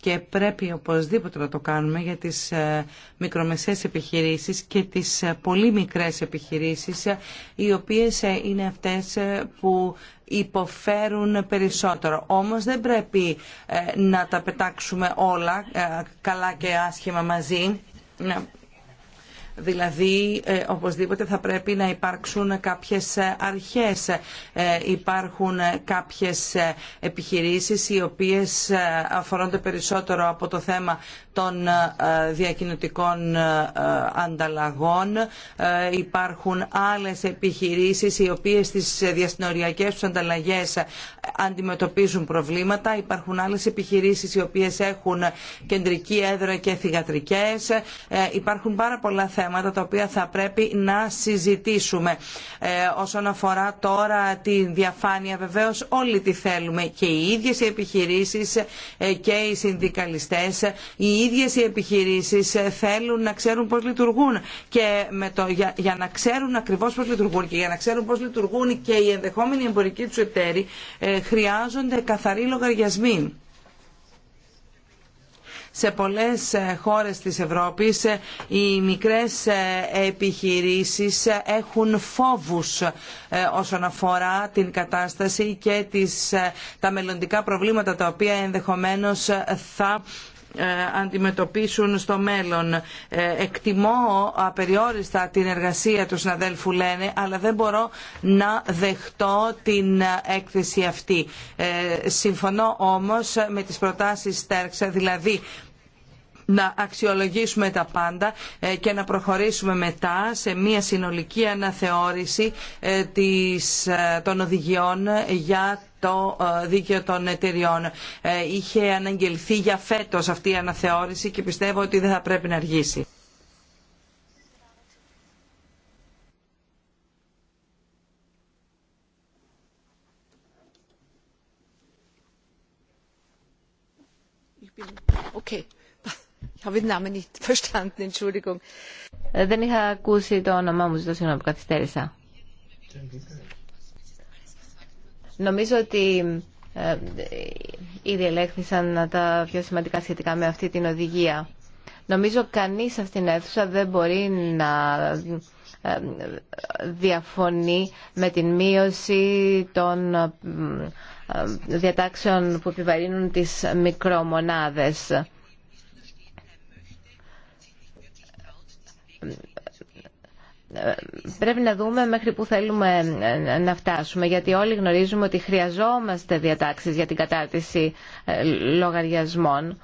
και πρέπει οπωσδήποτε να το κάνουμε για τις ε, μικρομεσαίες επιχειρήσεις και τις ε, πολύ μικρές επιχειρήσεις ε, οι οποίες είναι αυτές που υποφέρουν περισσότερο. Όμως δεν πρέπει να τα πετάξουμε όλα καλά και άσχημα μαζί Δηλαδή, ε, οπωσδήποτε θα πρέπει να υπάρξουν κάποιες ε, αρχές. Ε, υπάρχουν κάποιες ε, επιχειρήσεις οι οποίες αφορούνται περισσότερο από το θέμα των διακινητικών ανταλλαγών. Υπάρχουν άλλες επιχειρήσεις οι οποίες στις διασυνοριακές τους ανταλλαγές αντιμετωπίζουν προβλήματα. Υπάρχουν άλλες επιχειρήσεις οι οποίες έχουν κεντρική έδρα και θυγατρικές. Υπάρχουν πάρα πολλά θέματα θέματα τα οποία θα πρέπει να συζητήσουμε. Ε, όσον αφορά τώρα τη διαφάνεια βεβαίως όλοι τη θέλουμε και οι ίδιες οι επιχειρήσεις ε, και οι συνδικαλιστέ. Ε, οι ίδιες οι επιχειρήσεις θέλουν να ξέρουν πώς λειτουργούν και με το, για, να ξέρουν ακριβώς πώς λειτουργούν και για να ξέρουν πώς λειτουργούν και οι ενδεχόμενοι εμπορικοί του εταίροι χρειάζονται καθαροί λογαριασμοί σε πολλές ε, χώρες της Ευρώπης ε, οι μικρές ε, επιχειρήσεις έχουν φόβους όσον αφορά την κατάσταση και τις, τα μελλοντικά προβλήματα τα οποία ενδεχομένως θα αντιμετωπίσουν στο μέλλον. Εκτιμώ απεριόριστα την εργασία του συναδέλφου Λένε, αλλά δεν μπορώ να δεχτώ την έκθεση αυτή. Συμφωνώ όμως με τις προτάσεις Στέρξα, δηλαδή να αξιολογήσουμε τα πάντα ε, και να προχωρήσουμε μετά σε μια συνολική αναθεώρηση ε, ε, των οδηγιών για το δίκαιο των εταιριών. Είχε αναγγελθεί για φέτος αυτή η αναθεώρηση και πιστεύω ότι δεν θα πρέπει να αργήσει. Okay. Ε, δεν είχα ακούσει το όνομά μου, ζητώ συγγνώμη που καθυστέρησα. Νομίζω ότι ε, ήδη ελέγχθησαν τα πιο σημαντικά σχετικά με αυτή την οδηγία. Νομίζω κανείς σε αυτήν την αίθουσα δεν μπορεί να ε, διαφωνεί με την μείωση των διατάξεων που επιβαρύνουν τις μικρομονάδες πρέπει να δούμε μέχρι που θέλουμε να φτάσουμε γιατί όλοι γνωρίζουμε ότι χρειαζόμαστε διατάξεις για την κατάρτιση ε, λογαριασμών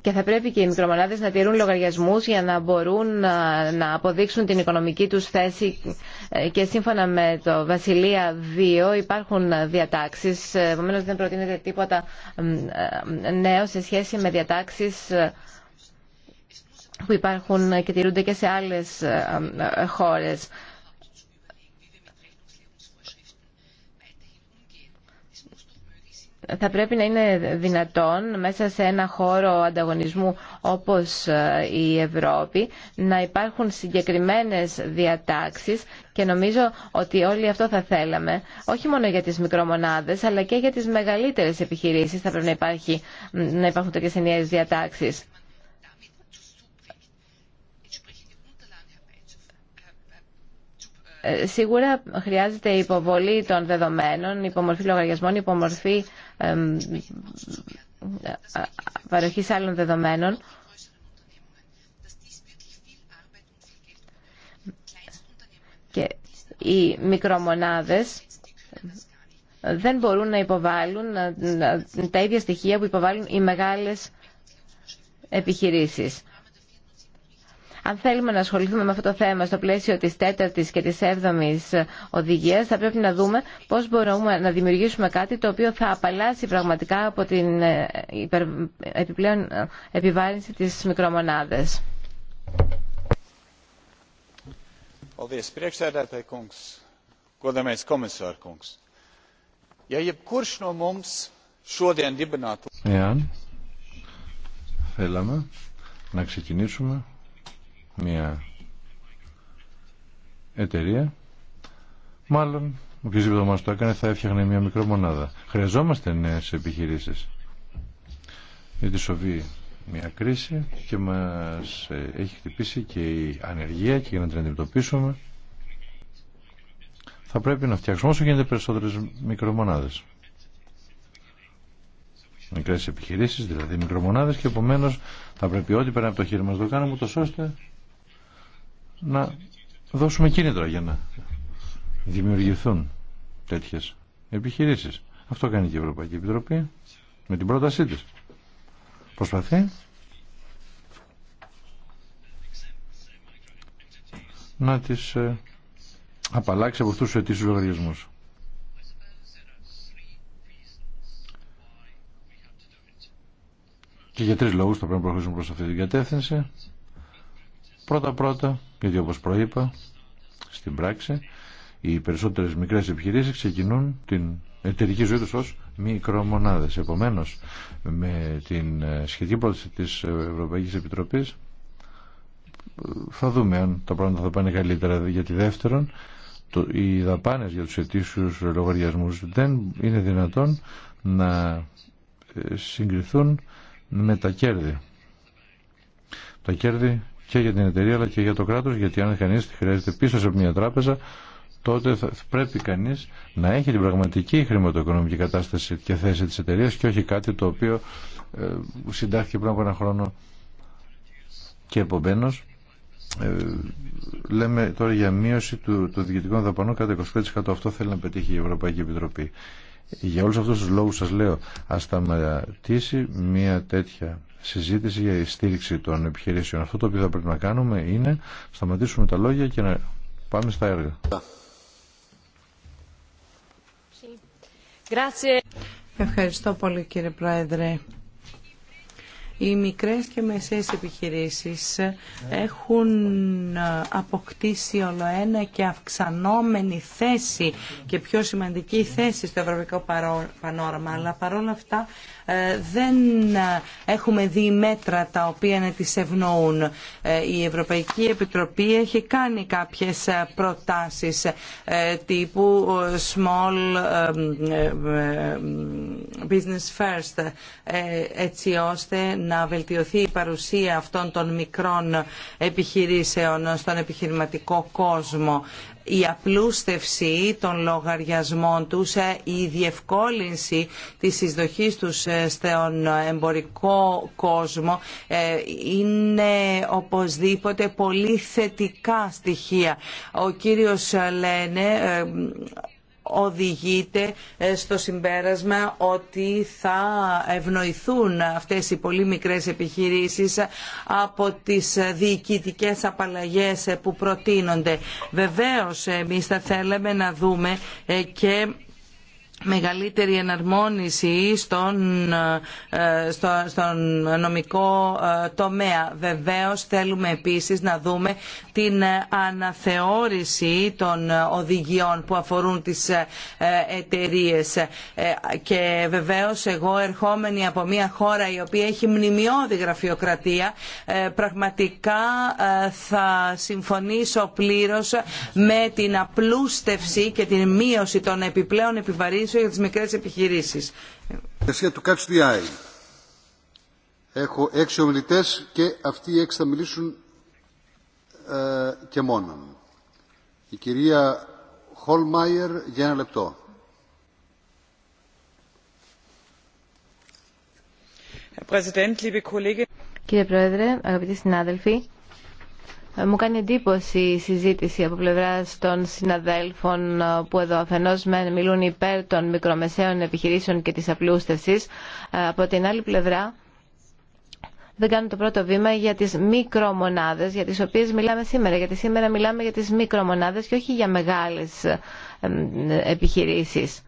και θα πρέπει και οι μικρομονάδες να τηρούν λογαριασμούς για να μπορούν να αποδείξουν την οικονομική τους θέση και σύμφωνα με το Βασιλεία 2 υπάρχουν διατάξεις, επομένω δεν προτείνεται τίποτα ε, νέο σε σχέση με διατάξεις ε, που υπάρχουν και τηρούνται και σε άλλες ε, χώρες. θα πρέπει να είναι δυνατόν μέσα σε ένα χώρο ανταγωνισμού όπως ε, η Ευρώπη να υπάρχουν συγκεκριμένες διατάξεις και νομίζω ότι όλοι αυτό θα θέλαμε όχι μόνο για τις μικρομονάδες αλλά και για τις μεγαλύτερες επιχειρήσεις θα πρέπει να, υπάρχει, να υπάρχουν τέτοιες ενιαίες διατάξεις. Ε, σίγουρα χρειάζεται υποβολή των δεδομένων, υπομορφή λογαριασμών, υπομορφή παροχής άλλων δεδομένων. Και οι μικρομονάδες δεν μπορούν να υποβάλουν τα ίδια στοιχεία που υποβάλλουν οι μεγάλες επιχειρήσεις. Αν θέλουμε να ασχοληθούμε με αυτό το θέμα στο πλαίσιο της τέταρτης και της έβδομης οδηγίας, θα πρέπει να δούμε πώς μπορούμε να δημιουργήσουμε κάτι το οποίο θα απαλλάσει πραγματικά από την ε, επιπλέον ε, επιβάρυνση της μικρομονάδα. Εάν θέλαμε να ξεκινήσουμε μια εταιρεία, μάλλον οποιοδήποτε μα το έκανε θα έφτιαχνε μια μικρομονάδα Χρειαζόμαστε νέες επιχειρήσεις. Γιατί σοβεί μια κρίση και μας έχει χτυπήσει και η ανεργία και για να την αντιμετωπίσουμε θα πρέπει να φτιάξουμε όσο γίνεται περισσότερες μικρομονάδες. Μικρές επιχειρήσεις, δηλαδή μικρομονάδες και επομένως θα πρέπει ό,τι πέρα από το χέρι μας το κάνουμε, τόσο ώστε να δώσουμε κίνητρα για να δημιουργηθούν τέτοιες επιχειρήσεις. Αυτό κάνει και η Ευρωπαϊκή Επιτροπή με την πρότασή της. Προσπαθεί να τις ε, απαλλάξει από αυτούς τους αιτήσους λογαριασμούς. Και για τρεις λόγους θα πρέπει να προχωρήσουμε προς αυτή την κατεύθυνση. Πρώτα-πρώτα, γιατί όπως προείπα στην πράξη οι περισσότερες μικρές επιχειρήσεις ξεκινούν την εταιρική ζωή τους ως μικρομονάδες. Επομένως, με την ε, σχετική πρόταση της Ευρωπαϊκής Επιτροπής θα δούμε αν τα πράγματα θα πάνε καλύτερα γιατί δεύτερον το, οι δαπάνες για τους ετήσιους λογαριασμούς δεν είναι δυνατόν να ε, συγκριθούν με τα κέρδη. Τα κέρδη και για την εταιρεία αλλά και για το κράτος γιατί αν κανείς τη χρειάζεται πίσω σε μια τράπεζα τότε θα πρέπει κανείς να έχει την πραγματική χρηματοοικονομική κατάσταση και θέση της εταιρεία και όχι κάτι το οποίο ε, συντάχθηκε πριν από ένα χρόνο και επομένω. Ε, λέμε τώρα για μείωση του, των διοικητικών δαπανών κατά 25% αυτό θέλει να πετύχει η Ευρωπαϊκή Επιτροπή. Για όλους αυτούς τους λόγους σας λέω, ας σταματήσει μια τέτοια συζήτηση για η στήριξη των επιχειρήσεων. Αυτό το οποίο θα πρέπει να κάνουμε είναι να σταματήσουμε τα λόγια και να πάμε στα έργα. Ευχαριστώ πολύ κύριε Πρόεδρε. Οι μικρές και μεσαίες επιχειρήσεις έχουν αποκτήσει όλο ένα και αυξανόμενη θέση και πιο σημαντική θέση στο ευρωπαϊκό πανόραμα, αλλά παρόλα αυτά ε, δεν έχουμε δει μέτρα τα οποία να τις ευνοούν. Ε, η Ευρωπαϊκή Επιτροπή έχει κάνει κάποιες ε, προτάσεις τύπου small business first έτσι ώστε να να βελτιωθεί η παρουσία αυτών των μικρών επιχειρήσεων στον επιχειρηματικό κόσμο η απλούστευση των λογαριασμών τους, ε, η διευκόλυνση της εισδοχής τους ε, στον εμπορικό κόσμο ε, είναι οπωσδήποτε πολύ θετικά στοιχεία. Ο κύριος Λένε οδηγείται ε, στο συμπέρασμα ότι θα ευνοηθούν αυτές οι πολύ μικρές επιχειρήσεις από τις διοικητικές απαλλαγές ε, που προτείνονται. Βεβαίως εμείς θα θέλαμε να δούμε ε, και μεγαλύτερη εναρμόνιση στον, ε, στο, στον νομικό ε, τομέα. Βεβαίως θέλουμε επίσης να δούμε την αναθεώρηση των οδηγιών που αφορούν τις ε, εταιρείε. Και βεβαίως εγώ ερχόμενη από μια χώρα η οποία έχει μνημειώδη γραφειοκρατία πραγματικά θα συμφωνήσω πλήρως με την απλούστευση και την μείωση των επιπλέον επιβαρύνσεων πλαίσιο για τις μικρές επιχειρήσεις. του Έχω έξι ομιλητές και αυτοί οι έξι θα μιλήσουν ε, και μόνον. Η κυρία Χολμάιερ για ένα λεπτό. Κύριε Πρόεδρε, αγαπητοί συνάδελφοι, μου κάνει εντύπωση η συζήτηση από πλευρά των συναδέλφων ε, που εδώ αφενό με μιλούν υπέρ των μικρομεσαίων επιχειρήσεων και τη απλούστευσης. Ε, από την άλλη πλευρά δεν κάνουν το πρώτο βήμα για τις μικρομονάδες για τις οποίες μιλάμε σήμερα. Γιατί σήμερα μιλάμε για τις μικρομονάδες και όχι για μεγάλες ε, επιχειρήσεις.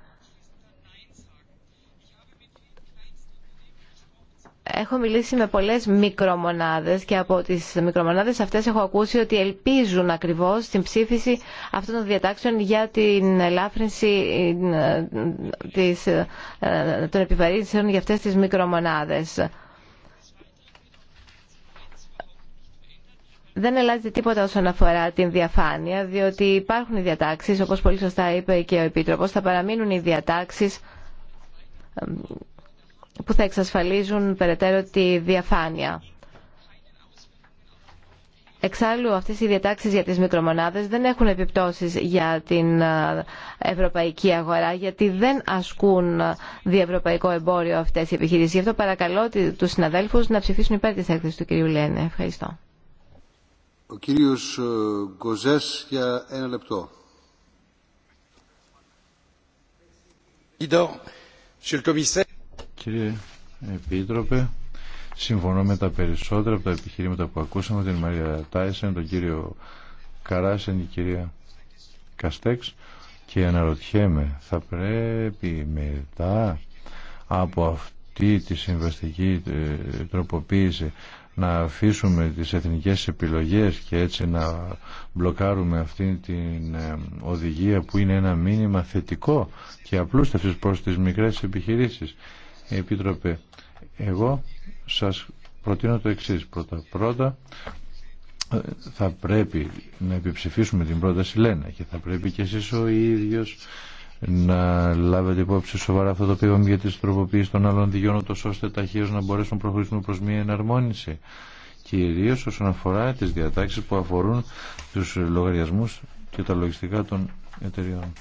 Έχω μιλήσει με πολλές μικρομονάδες και από τις μικρομονάδες αυτές έχω ακούσει ότι ελπίζουν ακριβώς την ψήφιση αυτών των διατάξεων για την ελάφρυνση ε, της, ε, των επιβαρύνσεων για αυτές τις μικρομονάδες. Δεν αλλάζει τίποτα όσον αφορά την διαφάνεια, διότι υπάρχουν οι διατάξεις, όπως πολύ σωστά είπε και ο Επίτροπος, θα παραμείνουν οι διατάξεις που θα εξασφαλίζουν περαιτέρω τη διαφάνεια. Εξάλλου, αυτές οι διατάξεις για τις μικρομονάδες δεν έχουν επιπτώσεις για την ευρωπαϊκή αγορά, γιατί δεν ασκούν διευρωπαϊκό εμπόριο αυτές οι επιχειρήσεις. Γι' αυτό παρακαλώ τους συναδέλφους να ψηφίσουν υπέρ της έκθεσης του κ. Λένε. Ευχαριστώ. Ο κύριος Γκοζές για ένα λεπτό. Κύριε Επίτροπε, συμφωνώ με τα περισσότερα από τα επιχειρήματα που ακούσαμε, την Μαρία Τάισεν, τον κύριο Καράσεν, την κυρία Καστέξ και αναρωτιέμαι, θα πρέπει μετά από αυτή τη συμβαστική ε, τροποποίηση να αφήσουμε τις εθνικές επιλογές και έτσι να μπλοκάρουμε αυτή την ε, οδηγία που είναι ένα μήνυμα θετικό και απλούστευσης προς τις μικρές επιχειρήσεις. Επίτροπε, εγώ σας προτείνω το εξής. Πρώτα, πρώτα ε, θα πρέπει να επιψηφίσουμε την πρόταση Λένα και θα πρέπει και εσείς ο ίδιος να λάβετε υπόψη σοβαρά αυτό το οποίο είπαμε για τις τροποποίησεις των άλλων δικαιών ώστε ταχύως να μπορέσουν να προχωρήσουμε προς μια εναρμόνιση κυρίως όσον αφορά τις διατάξεις που αφορούν τους λογαριασμούς και τα λογιστικά των εταιριών.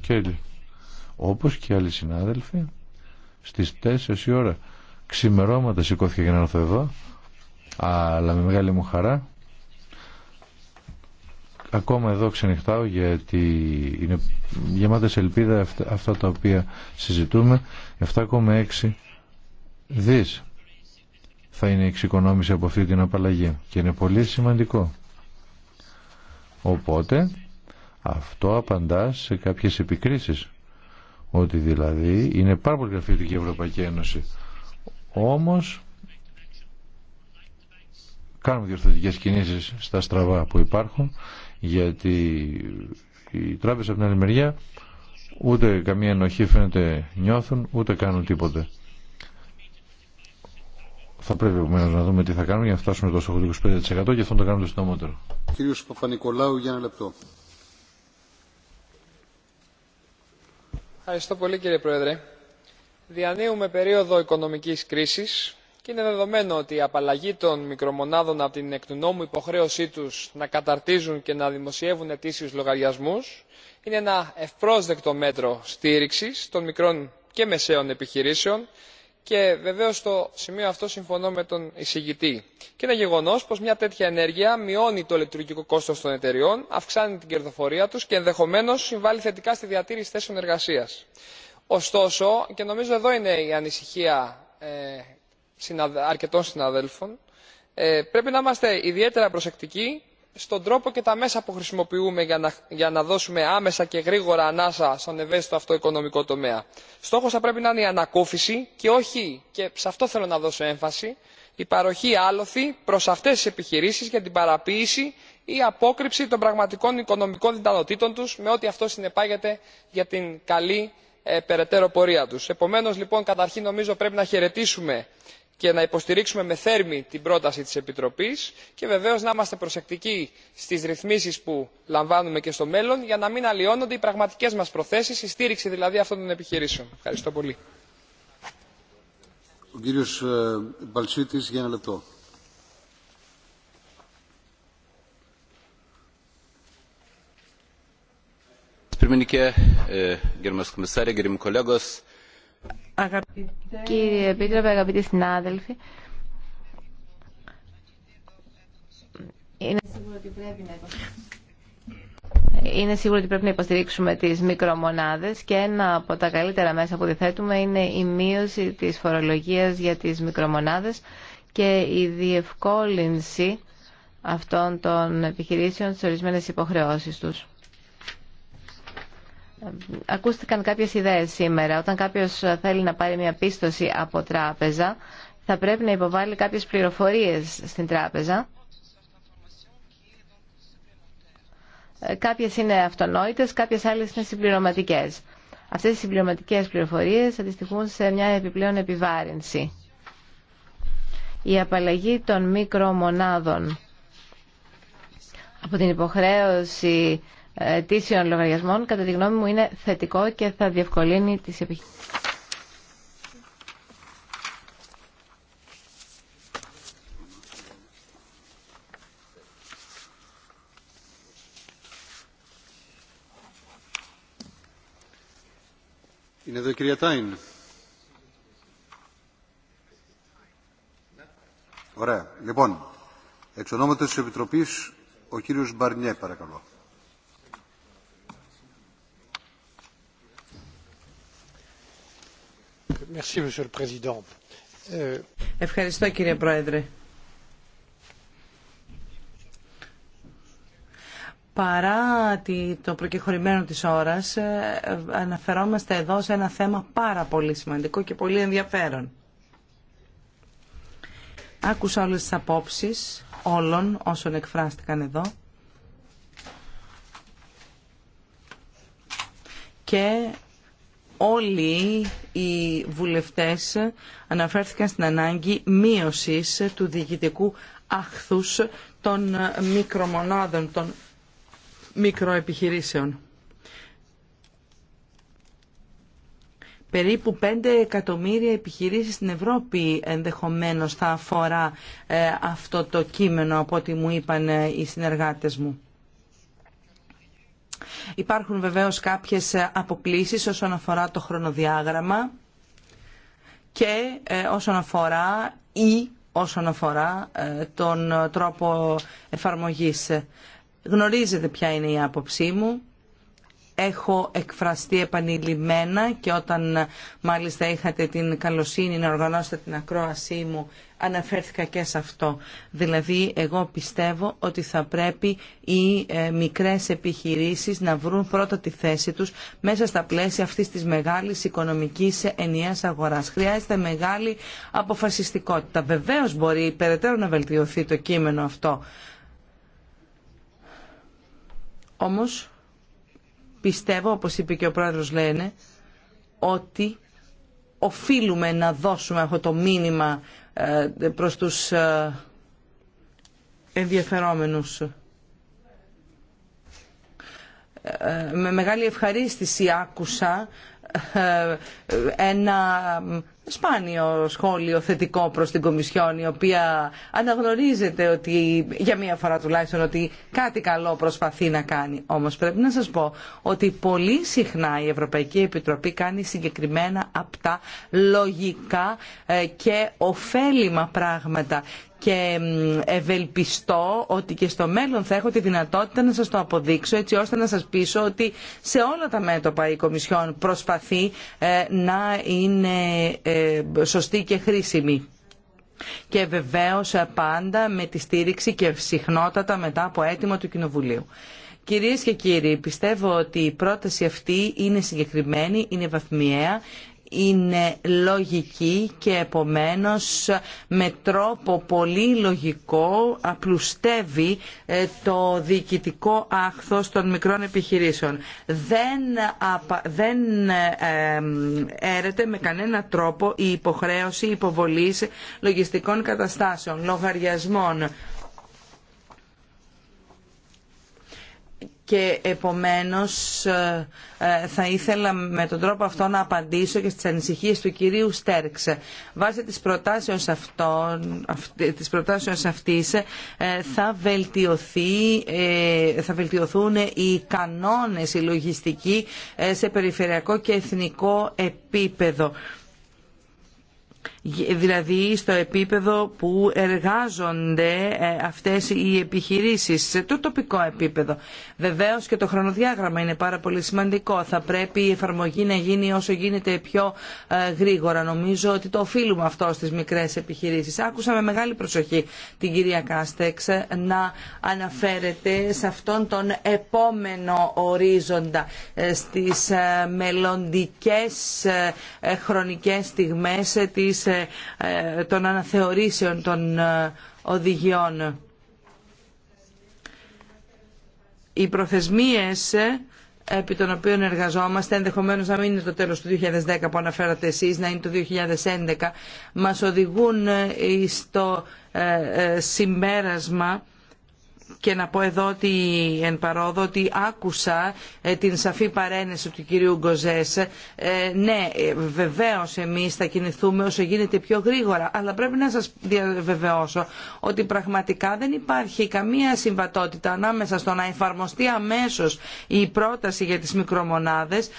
Κέλλη, όπως και άλλοι συνάδελφοι, στις 4 η ώρα ξημερώματα σηκώθηκε για να έρθω εδώ, αλλά με μεγάλη μου χαρά. Ακόμα εδώ ξενυχτάω γιατί είναι γεμάτες ελπίδα αυτά, τα οποία συζητούμε. 7,6 δις θα είναι η εξοικονόμηση από αυτή την απαλλαγή και είναι πολύ σημαντικό. Οπότε αυτό απαντά σε κάποιες επικρίσεις. Ότι δηλαδή είναι πάρα πολύ γραφειοτική η Ευρωπαϊκή Ένωση. Όμως κάνουμε διορθωτικές κινήσεις στα στραβά που υπάρχουν γιατί οι τράπεζες από την άλλη μεριά ούτε καμία ενοχή φαίνεται νιώθουν ούτε κάνουν τίποτε. Θα πρέπει επομένω να δούμε τι θα κάνουμε για να φτάσουμε τόσο 85% και αυτό να το κάνουμε το συντομότερο. για ένα λεπτό. Πολύ, κύριε Πρόεδρε. Διανύουμε περίοδο οικονομικής κρίσης και είναι δεδομένο ότι η απαλλαγή των μικρομονάδων από την εκ του υποχρέωσή τους να καταρτίζουν και να δημοσιεύουν ετήσιους λογαριασμούς είναι ένα ευπρόσδεκτο μέτρο στήριξης των μικρών και μεσαίων επιχειρήσεων και βεβαίως στο σημείο αυτό συμφωνώ με τον εισηγητή. Και είναι γεγονός πως μια τέτοια ενέργεια μειώνει το λειτουργικό κόστος των εταιριών, αυξάνει την κερδοφορία τους και ενδεχομένως συμβάλλει θετικά στη διατήρηση θέσεων εργασία. Ωστόσο, και νομίζω εδώ είναι η ανησυχία ε, αρκετών συναδέλφων, ε, πρέπει να είμαστε ιδιαίτερα προσεκτικοί στον τρόπο και τα μέσα που χρησιμοποιούμε για να δώσουμε άμεσα και γρήγορα ανάσα στον ευαίσθητο αυτό οικονομικό τομέα. στόχος θα πρέπει να είναι η ανακούφιση και όχι και σε αυτό θέλω να δώσω έμφαση η παροχή άλοθη προς αυτές τις επιχειρήσεις για την παραποίηση ή απόκρυψη των πραγματικών οικονομικών δυνατοτήτων τους με ό,τι αυτό συνεπάγεται για την καλή ε, περαιτέρω πορεία τους. επομένως λοιπόν καταρχήν νομίζω πρέπει να χαιρετήσουμε και να υποστηρίξουμε με θέρμη την πρόταση της επιτροπής και βεβαίως να είμαστε προσεκτικοί στις ρυθμίσεις που λαμβάνουμε και στο μέλλον για να μην αλλοιώνονται οι πραγματικές μας προθέσεις η στήριξη δηλαδή αυτών των επιχειρήσεων. Ευχαριστώ πολύ. Ο κύριος ε, Μπαλσίτης, για ένα λεπτό. Κύριε Επίτροπε, αγαπητοί συνάδελφοι, είναι σίγουρο ότι πρέπει να είναι σίγουρο ότι πρέπει να υποστηρίξουμε τις μικρομονάδες και ένα από τα καλύτερα μέσα που διθέτουμε είναι η μείωση της φορολογίας για τις μικρομονάδες και η διευκόλυνση αυτών των επιχειρήσεων στις ορισμένες υποχρεώσεις τους. Ακούστηκαν κάποιες ιδέες σήμερα. Όταν κάποιος θέλει να πάρει μια πίστοση από τράπεζα, θα πρέπει να υποβάλει κάποιες πληροφορίες στην τράπεζα. Ε, κάποιες είναι αυτονόητες, κάποιες άλλες είναι συμπληρωματικές. Αυτές οι συμπληρωματικές πληροφορίες αντιστοιχούν σε μια επιπλέον επιβάρυνση. Η απαλλαγή των μικρομονάδων από την υποχρέωση αιτήσεων λογαριασμών, κατά τη γνώμη μου, είναι θετικό και θα διευκολύνει τις επιχειρήσεις. Είναι εδώ η κυρία Τάιν. Ωραία. Λοιπόν, εξ ονόματος της Επιτροπής, ο κύριος Μπαρνιέ, παρακαλώ. Euh, Ευχαριστώ κύριε Πρόεδρε. Παρά το προκεχωρημένο της ώρας, ε, αναφερόμαστε εδώ σε ένα θέμα πάρα πολύ σημαντικό και πολύ ενδιαφέρον. Άκουσα όλες τις απόψεις όλων όσων εκφράστηκαν εδώ. Και όλοι οι βουλευτές αναφέρθηκαν στην ανάγκη μείωσης του διοικητικού άχθους των μικρομονάδων, των μικροεπιχειρήσεων. Περίπου 5 εκατομμύρια επιχειρήσεις στην Ευρώπη ενδεχομένως θα αφορά ε, αυτό το κείμενο από ό,τι μου είπαν ε, οι συνεργάτες μου. Υπάρχουν βεβαίως κάποιες ε, αποκλήσεις όσον αφορά το χρονοδιάγραμμα και ε, όσον αφορά ή όσον αφορά ε, τον τρόπο εφαρμογής. Γνωρίζετε ποια είναι η άποψή μου. Έχω εκφραστεί επανειλημμένα και όταν μάλιστα είχατε την καλοσύνη να οργανώσετε την ακρόασή μου αναφέρθηκα και σε αυτό. Δηλαδή, εγώ πιστεύω ότι θα πρέπει οι ε, μικρές επιχειρήσεις να βρουν πρώτα τη θέση τους μέσα στα πλαίσια αυτής της μεγάλης οικονομικής ενιαίας αγοράς. Χρειάζεται μεγάλη αποφασιστικότητα. Βεβαίως μπορεί περαιτέρω να βελτιωθεί το κείμενο αυτό. Όμως, πιστεύω, όπως είπε και ο πρόεδρος λένε, ότι οφείλουμε να δώσουμε αυτό το μήνυμα ε, προς τους ε, ενδιαφερόμενους. Ε, με μεγάλη ευχαρίστηση άκουσα ένα σπάνιο σχόλιο θετικό προς την Κομισιόν η οποία αναγνωρίζεται ότι για μία φορά τουλάχιστον ότι κάτι καλό προσπαθεί να κάνει. Όμως πρέπει να σας πω ότι πολύ συχνά η Ευρωπαϊκή Επιτροπή κάνει συγκεκριμένα απτά λογικά ε, και ωφέλιμα πράγματα και ευελπιστώ ότι και στο μέλλον θα έχω τη δυνατότητα να σας το αποδείξω έτσι ώστε να σας πείσω ότι σε όλα τα μέτωπα η Κομισιόν προσπαθεί ε, να είναι ε, σωστή και χρήσιμη. Και βεβαίως ε, πάντα με τη στήριξη και συχνότατα μετά από αίτημα του Κοινοβουλίου. Κυρίες και κύριοι, πιστεύω ότι η πρόταση αυτή είναι συγκεκριμένη, είναι βαθμιαία είναι λογική και επομένως με τρόπο πολύ λογικό απλουστεύει ε, το διοικητικό άχθος των μικρών επιχειρήσεων. Δεν, δεν έρεται με κανένα τρόπο η υποχρέωση υποβολής λογιστικών καταστάσεων, λογαριασμών και επομένως ε, ε, θα ήθελα με τον τρόπο αυτό να απαντήσω και στις ανησυχίες του κυρίου Στέρξε. Βάσει της προτάσεως, αυτών, της προτάσεως αυτής ε, θα, βελτιωθεί, θα βελτιωθούν οι κανόνες, οι λογιστικοί σε περιφερειακό και εθνικό επίπεδο δηλαδή στο επίπεδο που εργάζονται ε, αυτές οι επιχειρήσεις, σε το τοπικό επίπεδο. Βεβαίως και το χρονοδιάγραμμα είναι πάρα πολύ σημαντικό. Θα πρέπει η εφαρμογή να γίνει όσο γίνεται πιο ε, γρήγορα. Νομίζω ότι το οφείλουμε αυτό στις μικρές επιχειρήσεις. Άκουσα με μεγάλη προσοχή την κυρία Κάστεξ να αναφέρεται σε αυτόν τον επόμενο ορίζοντα ε, στις μελλοντικές χρονικές στιγμές της ε, των αναθεωρήσεων των ε, οδηγιών. Οι προθεσμίες ε, επί των οποίων εργαζόμαστε, ενδεχομένως να μην είναι το τέλος του 2010 που αναφέρατε εσείς, να είναι το 2011, μας οδηγούν στο συμπέρασμα και να πω εδώ ότι εν παρόδο ότι άκουσα ε, την σαφή παρένεση του κυρίου Γκοζές. Ε, ναι, ε, βεβαίως εμείς θα κινηθούμε όσο γίνεται πιο γρήγορα, αλλά πρέπει να σας διαβεβαιώσω ότι πραγματικά δεν υπάρχει καμία συμβατότητα ανάμεσα στο να εφαρμοστεί αμέσως η πρόταση για τις μικρομονάδες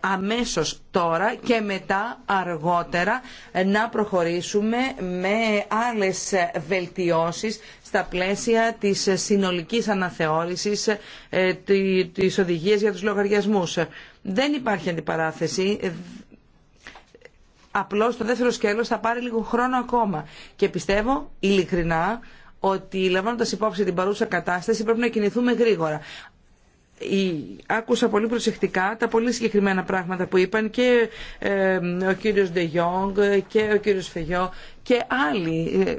αμέσως τώρα και μετά αργότερα να προχωρήσουμε με άλλες βελτιώσεις στα πλαίσια της συνολικής αναθεώρησης ε, της οδηγίας για τους λογαριασμούς. Δεν υπάρχει αντιπαράθεση. Απλώς το δεύτερο σκέλος θα πάρει λίγο χρόνο ακόμα. Και πιστεύω ειλικρινά ότι λαμβάνοντα υπόψη την παρούσα κατάσταση πρέπει να κινηθούμε γρήγορα. Άκουσα πολύ προσεκτικά τα πολύ συγκεκριμένα πράγματα που είπαν και ε, ο κύριος Ντεγιόγκ και ο κύριος Φεγιό και άλλοι ε,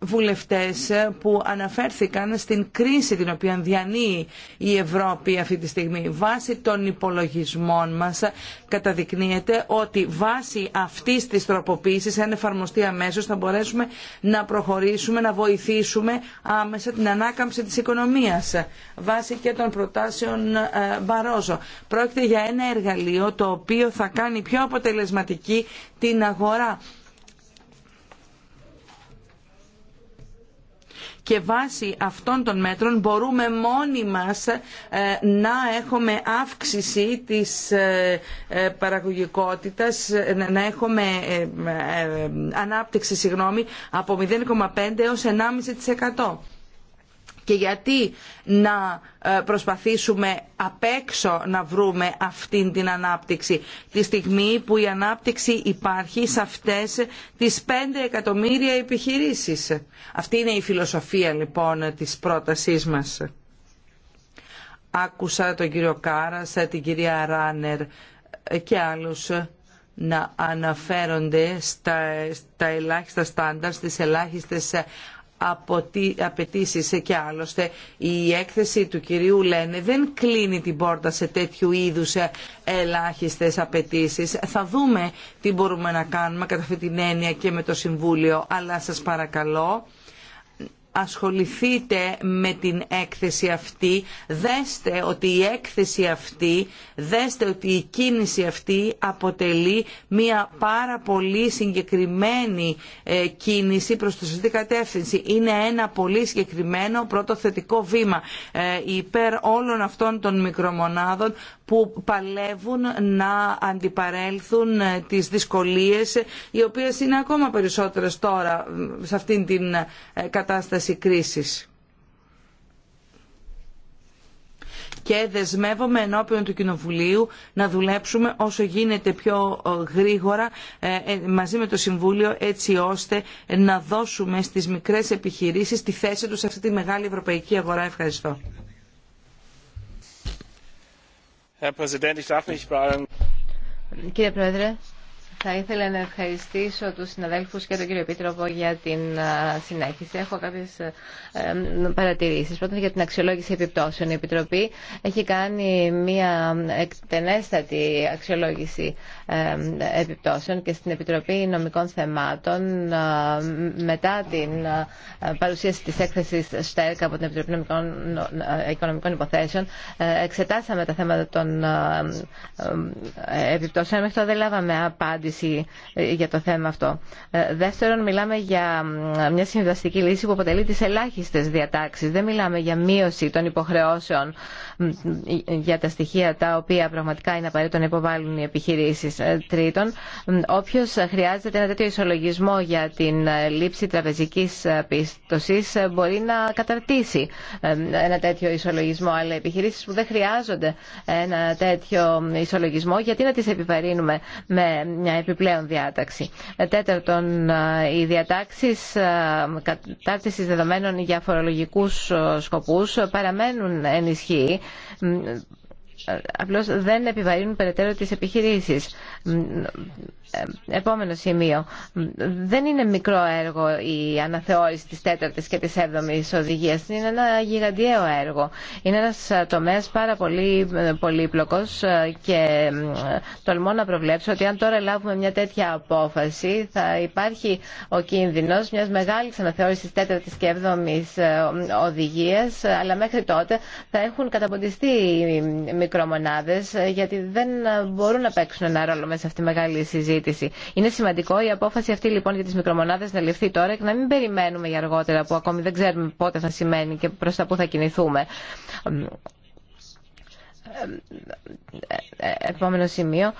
βουλευτές που αναφέρθηκαν στην κρίση την οποία διανύει η Ευρώπη αυτή τη στιγμή. Βάσει των υπολογισμών μας καταδεικνύεται ότι βάσει αυτής της τροποποίησης, αν εφαρμοστεί αμέσως, θα μπορέσουμε να προχωρήσουμε, να βοηθήσουμε άμεσα την ανάκαμψη της οικονομίας. Βάσει και των προτάσεων ε, Μπαρόζο. Πρόκειται για ένα εργαλείο το οποίο θα κάνει πιο αποτελεσματική την αγορά και βάσει αυτών των μέτρων μπορούμε μόνοι μας ε, να έχουμε αύξηση της ε, ε, παραγωγικότητας, να έχουμε ανάπτυξη από 0,5 έως 1,5%. Και γιατί να ε, προσπαθήσουμε απ' έξω να βρούμε αυτήν την ανάπτυξη τη στιγμή που η ανάπτυξη υπάρχει σε αυτές τις 5 εκατομμύρια επιχειρήσεις. Αυτή είναι η φιλοσοφία λοιπόν της πρότασής μας. Άκουσα τον κύριο Κάρας, την κυρία Ράνερ ε, και άλλους ε, να αναφέρονται στα, στα ελάχιστα στάνταρ, στις ελάχιστες απαιτήσει και άλλωστε η έκθεση του κυρίου Λένε δεν κλείνει την πόρτα σε τέτοιου είδους ε, ελάχιστες απαιτήσει. Θα δούμε τι μπορούμε να κάνουμε κατά αυτή την έννοια και με το Συμβούλιο αλλά σας παρακαλώ ασχοληθείτε με την έκθεση αυτή, δέστε ότι η έκθεση αυτή, δέστε ότι η κίνηση αυτή αποτελεί μια πάρα πολύ συγκεκριμένη ε, κίνηση προς τη σωστή κατεύθυνση. Είναι ένα πολύ συγκεκριμένο πρώτο θετικό βήμα ε, υπέρ όλων αυτών των μικρομονάδων που παλεύουν να αντιπαρέλθουν ε, τις δυσκολίες οι οποίες είναι ακόμα περισσότερες τώρα σε αυτήν την ε, κατάσταση κρίσης. και δεσμεύομαι ενώπιον του Κοινοβουλίου να δουλέψουμε όσο γίνεται πιο ε, γρήγορα μαζί με το Συμβούλιο έτσι ώστε να δώσουμε στις μικρές επιχειρήσεις τη θέση τους σε αυτή τη μεγάλη ευρωπαϊκή αγορά. Ευχαριστώ. Κύριε Πρόεδρε, θα ήθελα να ευχαριστήσω τους συναδέλφους και τον κύριο Επίτροπο για την συνέχιση. Έχω κάποιες ε, παρατηρήσεις. Πρώτον για την αξιολόγηση επιπτώσεων. Η Επιτροπή έχει κάνει μια εκτενέστατη αξιολόγηση επιπτώσεων και στην Επιτροπή Νομικών Θεμάτων μετά την παρουσίαση της έκθεσης ΣΤΕΡΚ από την Επιτροπή Νομικών, Οικονομικών Υποθέσεων ε, εξετάσαμε τα θέματα των ε, επιπτώσεων. Μέχρι τώρα δεν λάβαμε απάντηση ε, για το θέμα αυτό. Ε, δεύτερον, μιλάμε για μια συμβαστική λύση που αποτελεί τις ελάχιστες διατάξεις. Δεν μιλάμε για μείωση των υποχρεώσεων για τα στοιχεία τα οποία πραγματικά είναι απαραίτητο να υποβάλουν οι επιχειρήσεις. Ε, τρίτον, όποιος χρειάζεται ένα τέτοιο ισολογισμό για την λήψη τραπεζικής πίστοσης μπορεί να καταρτήσει ένα τέτοιο ισολογισμό. Αλλά επιχειρήσεις που δεν χρειάζονται ένα τέτοιο ισολογισμό, γιατί να τις επιβαρύνουμε με μια επιπλέον διάταξη. Τέταρτον, ε, οι διατάξει ε, κατάρτιση δεδομένων για φορολογικού ε, σκοπού παραμένουν ενισχύει απλώς δεν επιβαρύνουν περαιτέρω τις επιχειρήσει επόμενο σημείο. Δεν είναι μικρό έργο η αναθεώρηση της τέταρτης και της έβδομης οδηγίας. Είναι ένα γιγαντιαίο έργο. Είναι ένας τομέας πάρα πολύ ε, πολύπλοκος ε, και ε, τολμώ να προβλέψω ότι αν τώρα λάβουμε μια τέτοια απόφαση θα υπάρχει ο κίνδυνος μιας μεγάλης αναθεώρησης της τέταρτης και έβδομης οδηγίας αλλά μέχρι τότε θα έχουν καταποντιστεί οι μικρομονάδες γιατί δεν μπορούν να παίξουν ένα ρόλο μέσα σε αυτή τη μεγάλη συζήτηση. Είναι σημαντικό η απόφαση αυτή λοιπόν για τις μικρομονάδες να ληφθεί τώρα και να μην περιμένουμε για αργότερα που ακόμη δεν ξέρουμε πότε θα σημαίνει και προς τα που θα κινηθούμε. Επόμενο σημείο.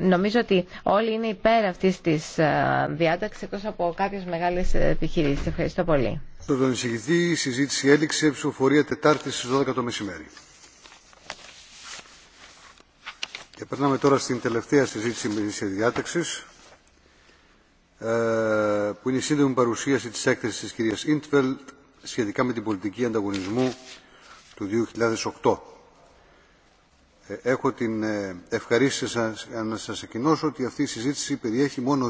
Νομίζω ότι όλοι είναι υπέρ αυτή τη ε, διάταξη εκτό από κάποιε μεγάλε επιχειρήσει. Ευχαριστώ πολύ. Στον εισηγητή η συζήτηση έληξε ψηφοφορία Τετάρτη στι 12 το μεσημέρι. Και περνάμε τώρα στην τελευταία συζήτηση της διάταξης, ε, που είναι η σύντομη παρουσίαση της έκθεσης της κυρίας Ίντβελ σχετικά με την πολιτική ανταγωνισμού του 2008. Ε, έχω την ε, ευχαρίστηση να σας ανακοινώσω ότι αυτή η συζήτηση περιέχει μόνο